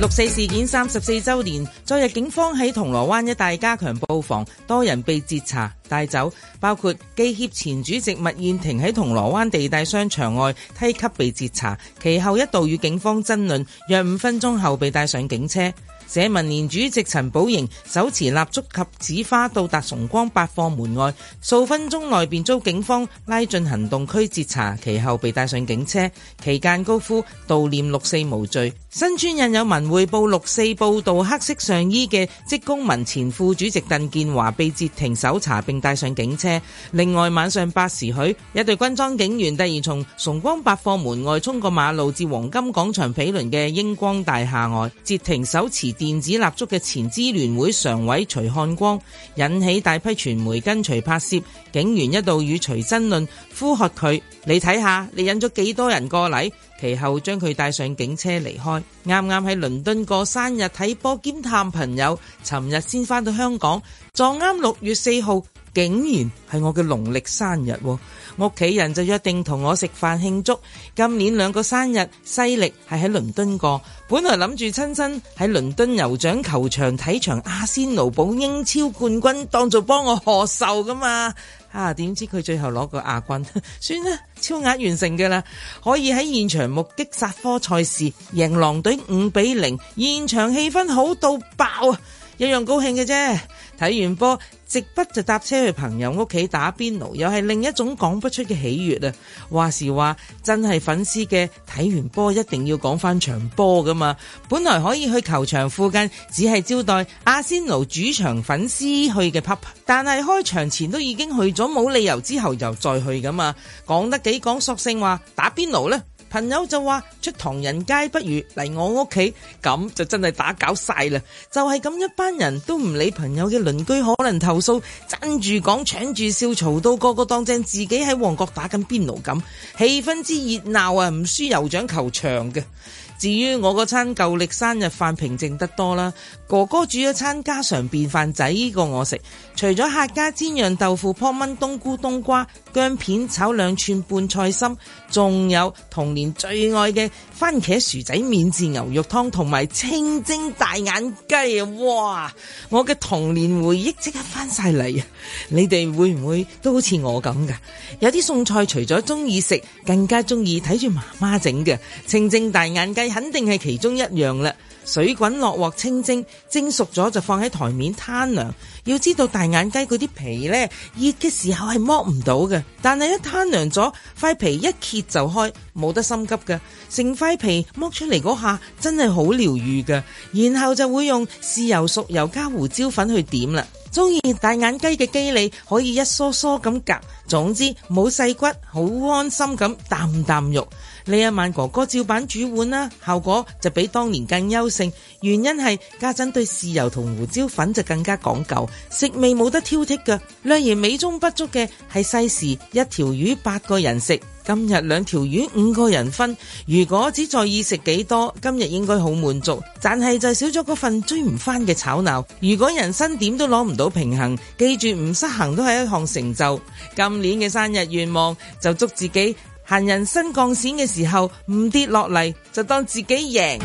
六四事件三十四周年，昨日警方喺銅鑼灣一帶加強布防，多人被截查帶走，包括記協前主席麥燕庭喺銅鑼灣地帶商場外梯級被截查，其後一度與警方爭論，約五分鐘後被帶上警車。社民連主席陳寶瑩手持蠟燭及紙花到達崇光百貨門外，數分鐘內便遭警方拉進行動區截查，其後被帶上警車，期間高呼悼念六四無罪。身穿印有文匯報六四報道，黑色上衣嘅職工民前副主席鄧建華被截停搜查並帶上警車。另外，晚上八時許，一隊軍裝警員突然從崇光百貨門外衝過馬路至黃金廣場毗鄰嘅英光大廈外截停，手持.電子蠟燭嘅前支聯會常委徐漢光，引起大批傳媒跟隨拍攝，警員一度與徐爭論，呼喝佢：你睇下，你引咗幾多人過嚟？其後將佢帶上警車離開。啱啱喺倫敦過生日睇波兼探朋友，尋日先返到香港，撞啱六月四號，竟然係我嘅農曆生日。屋企人就約定同我食飯慶祝，今年兩個生日，西力係喺倫敦過。本來諗住親身喺倫敦酋長球場睇場阿仙奴保英超冠軍，當做幫我賀壽噶嘛。啊，點知佢最後攞個亞軍，算啦，超額完成噶啦。可以喺現場目擊殺科賽事，贏狼隊五比零，現場氣氛好到爆啊！一樣高興嘅啫，睇完波。直不就搭車去朋友屋企打邊爐，又係另一種講不出嘅喜悅啊！話時話真係粉絲嘅睇完波一定要講翻場波噶嘛。本來可以去球場附近，只係招待阿仙奴主場粉絲去嘅 pub，但係開場前都已經去咗，冇理由之後又再去噶嘛。講得幾講索性話打邊爐呢。朋友就話出唐人街不如嚟，我屋企，咁就真係打攪晒啦！就係、是、咁一班人都唔理朋友嘅鄰居可能投訴，爭住講，搶住笑，嘈到個個當正自己喺旺角打緊邊爐咁，氣氛之熱鬧啊，唔輸酋長球場嘅。至於我個餐舊曆生日飯，平靜得多啦。哥哥煮咗餐家常便飯仔呢個我食，除咗客家煎釀豆腐、燜冬菇、冬瓜、薑片炒兩寸半菜心，仲有童年最愛嘅番茄薯仔免治牛肉湯同埋清蒸大眼雞。哇！我嘅童年回憶即刻翻晒嚟啊！你哋會唔會都好似我咁噶？有啲餸菜除咗中意食，更加中意睇住媽媽整嘅清蒸大眼雞，肯定係其中一樣啦。水滾落鑊清蒸，蒸熟咗就放喺台面攤涼。要知道大眼雞嗰啲皮呢，熱嘅時候係剝唔到嘅，但係一攤涼咗，塊皮一揭就開，冇得心急嘅。成塊皮剝出嚟嗰下真係好療愈嘅，然後就會用豉油、熟油加胡椒粉去點啦。中意大眼雞嘅肌理，你可以一梳梳咁夾，總之冇細骨，好安心咁啖啖肉。呢一晚哥哥照版煮碗啦，效果就比當年更優勝。原因係家陣對豉油同胡椒粉就更加講究，食味冇得挑剔嘅。略而美中不足嘅係細時一條魚八個人食，今日兩條魚五個人分。如果只在意食幾多，今日應該好滿足。但係就少咗嗰份追唔翻嘅吵鬧。如果人生點都攞唔到平衡，記住唔失衡都係一項成就。今年嘅生日願望就祝自己。行人新降線嘅時候唔跌落嚟，就當自己贏。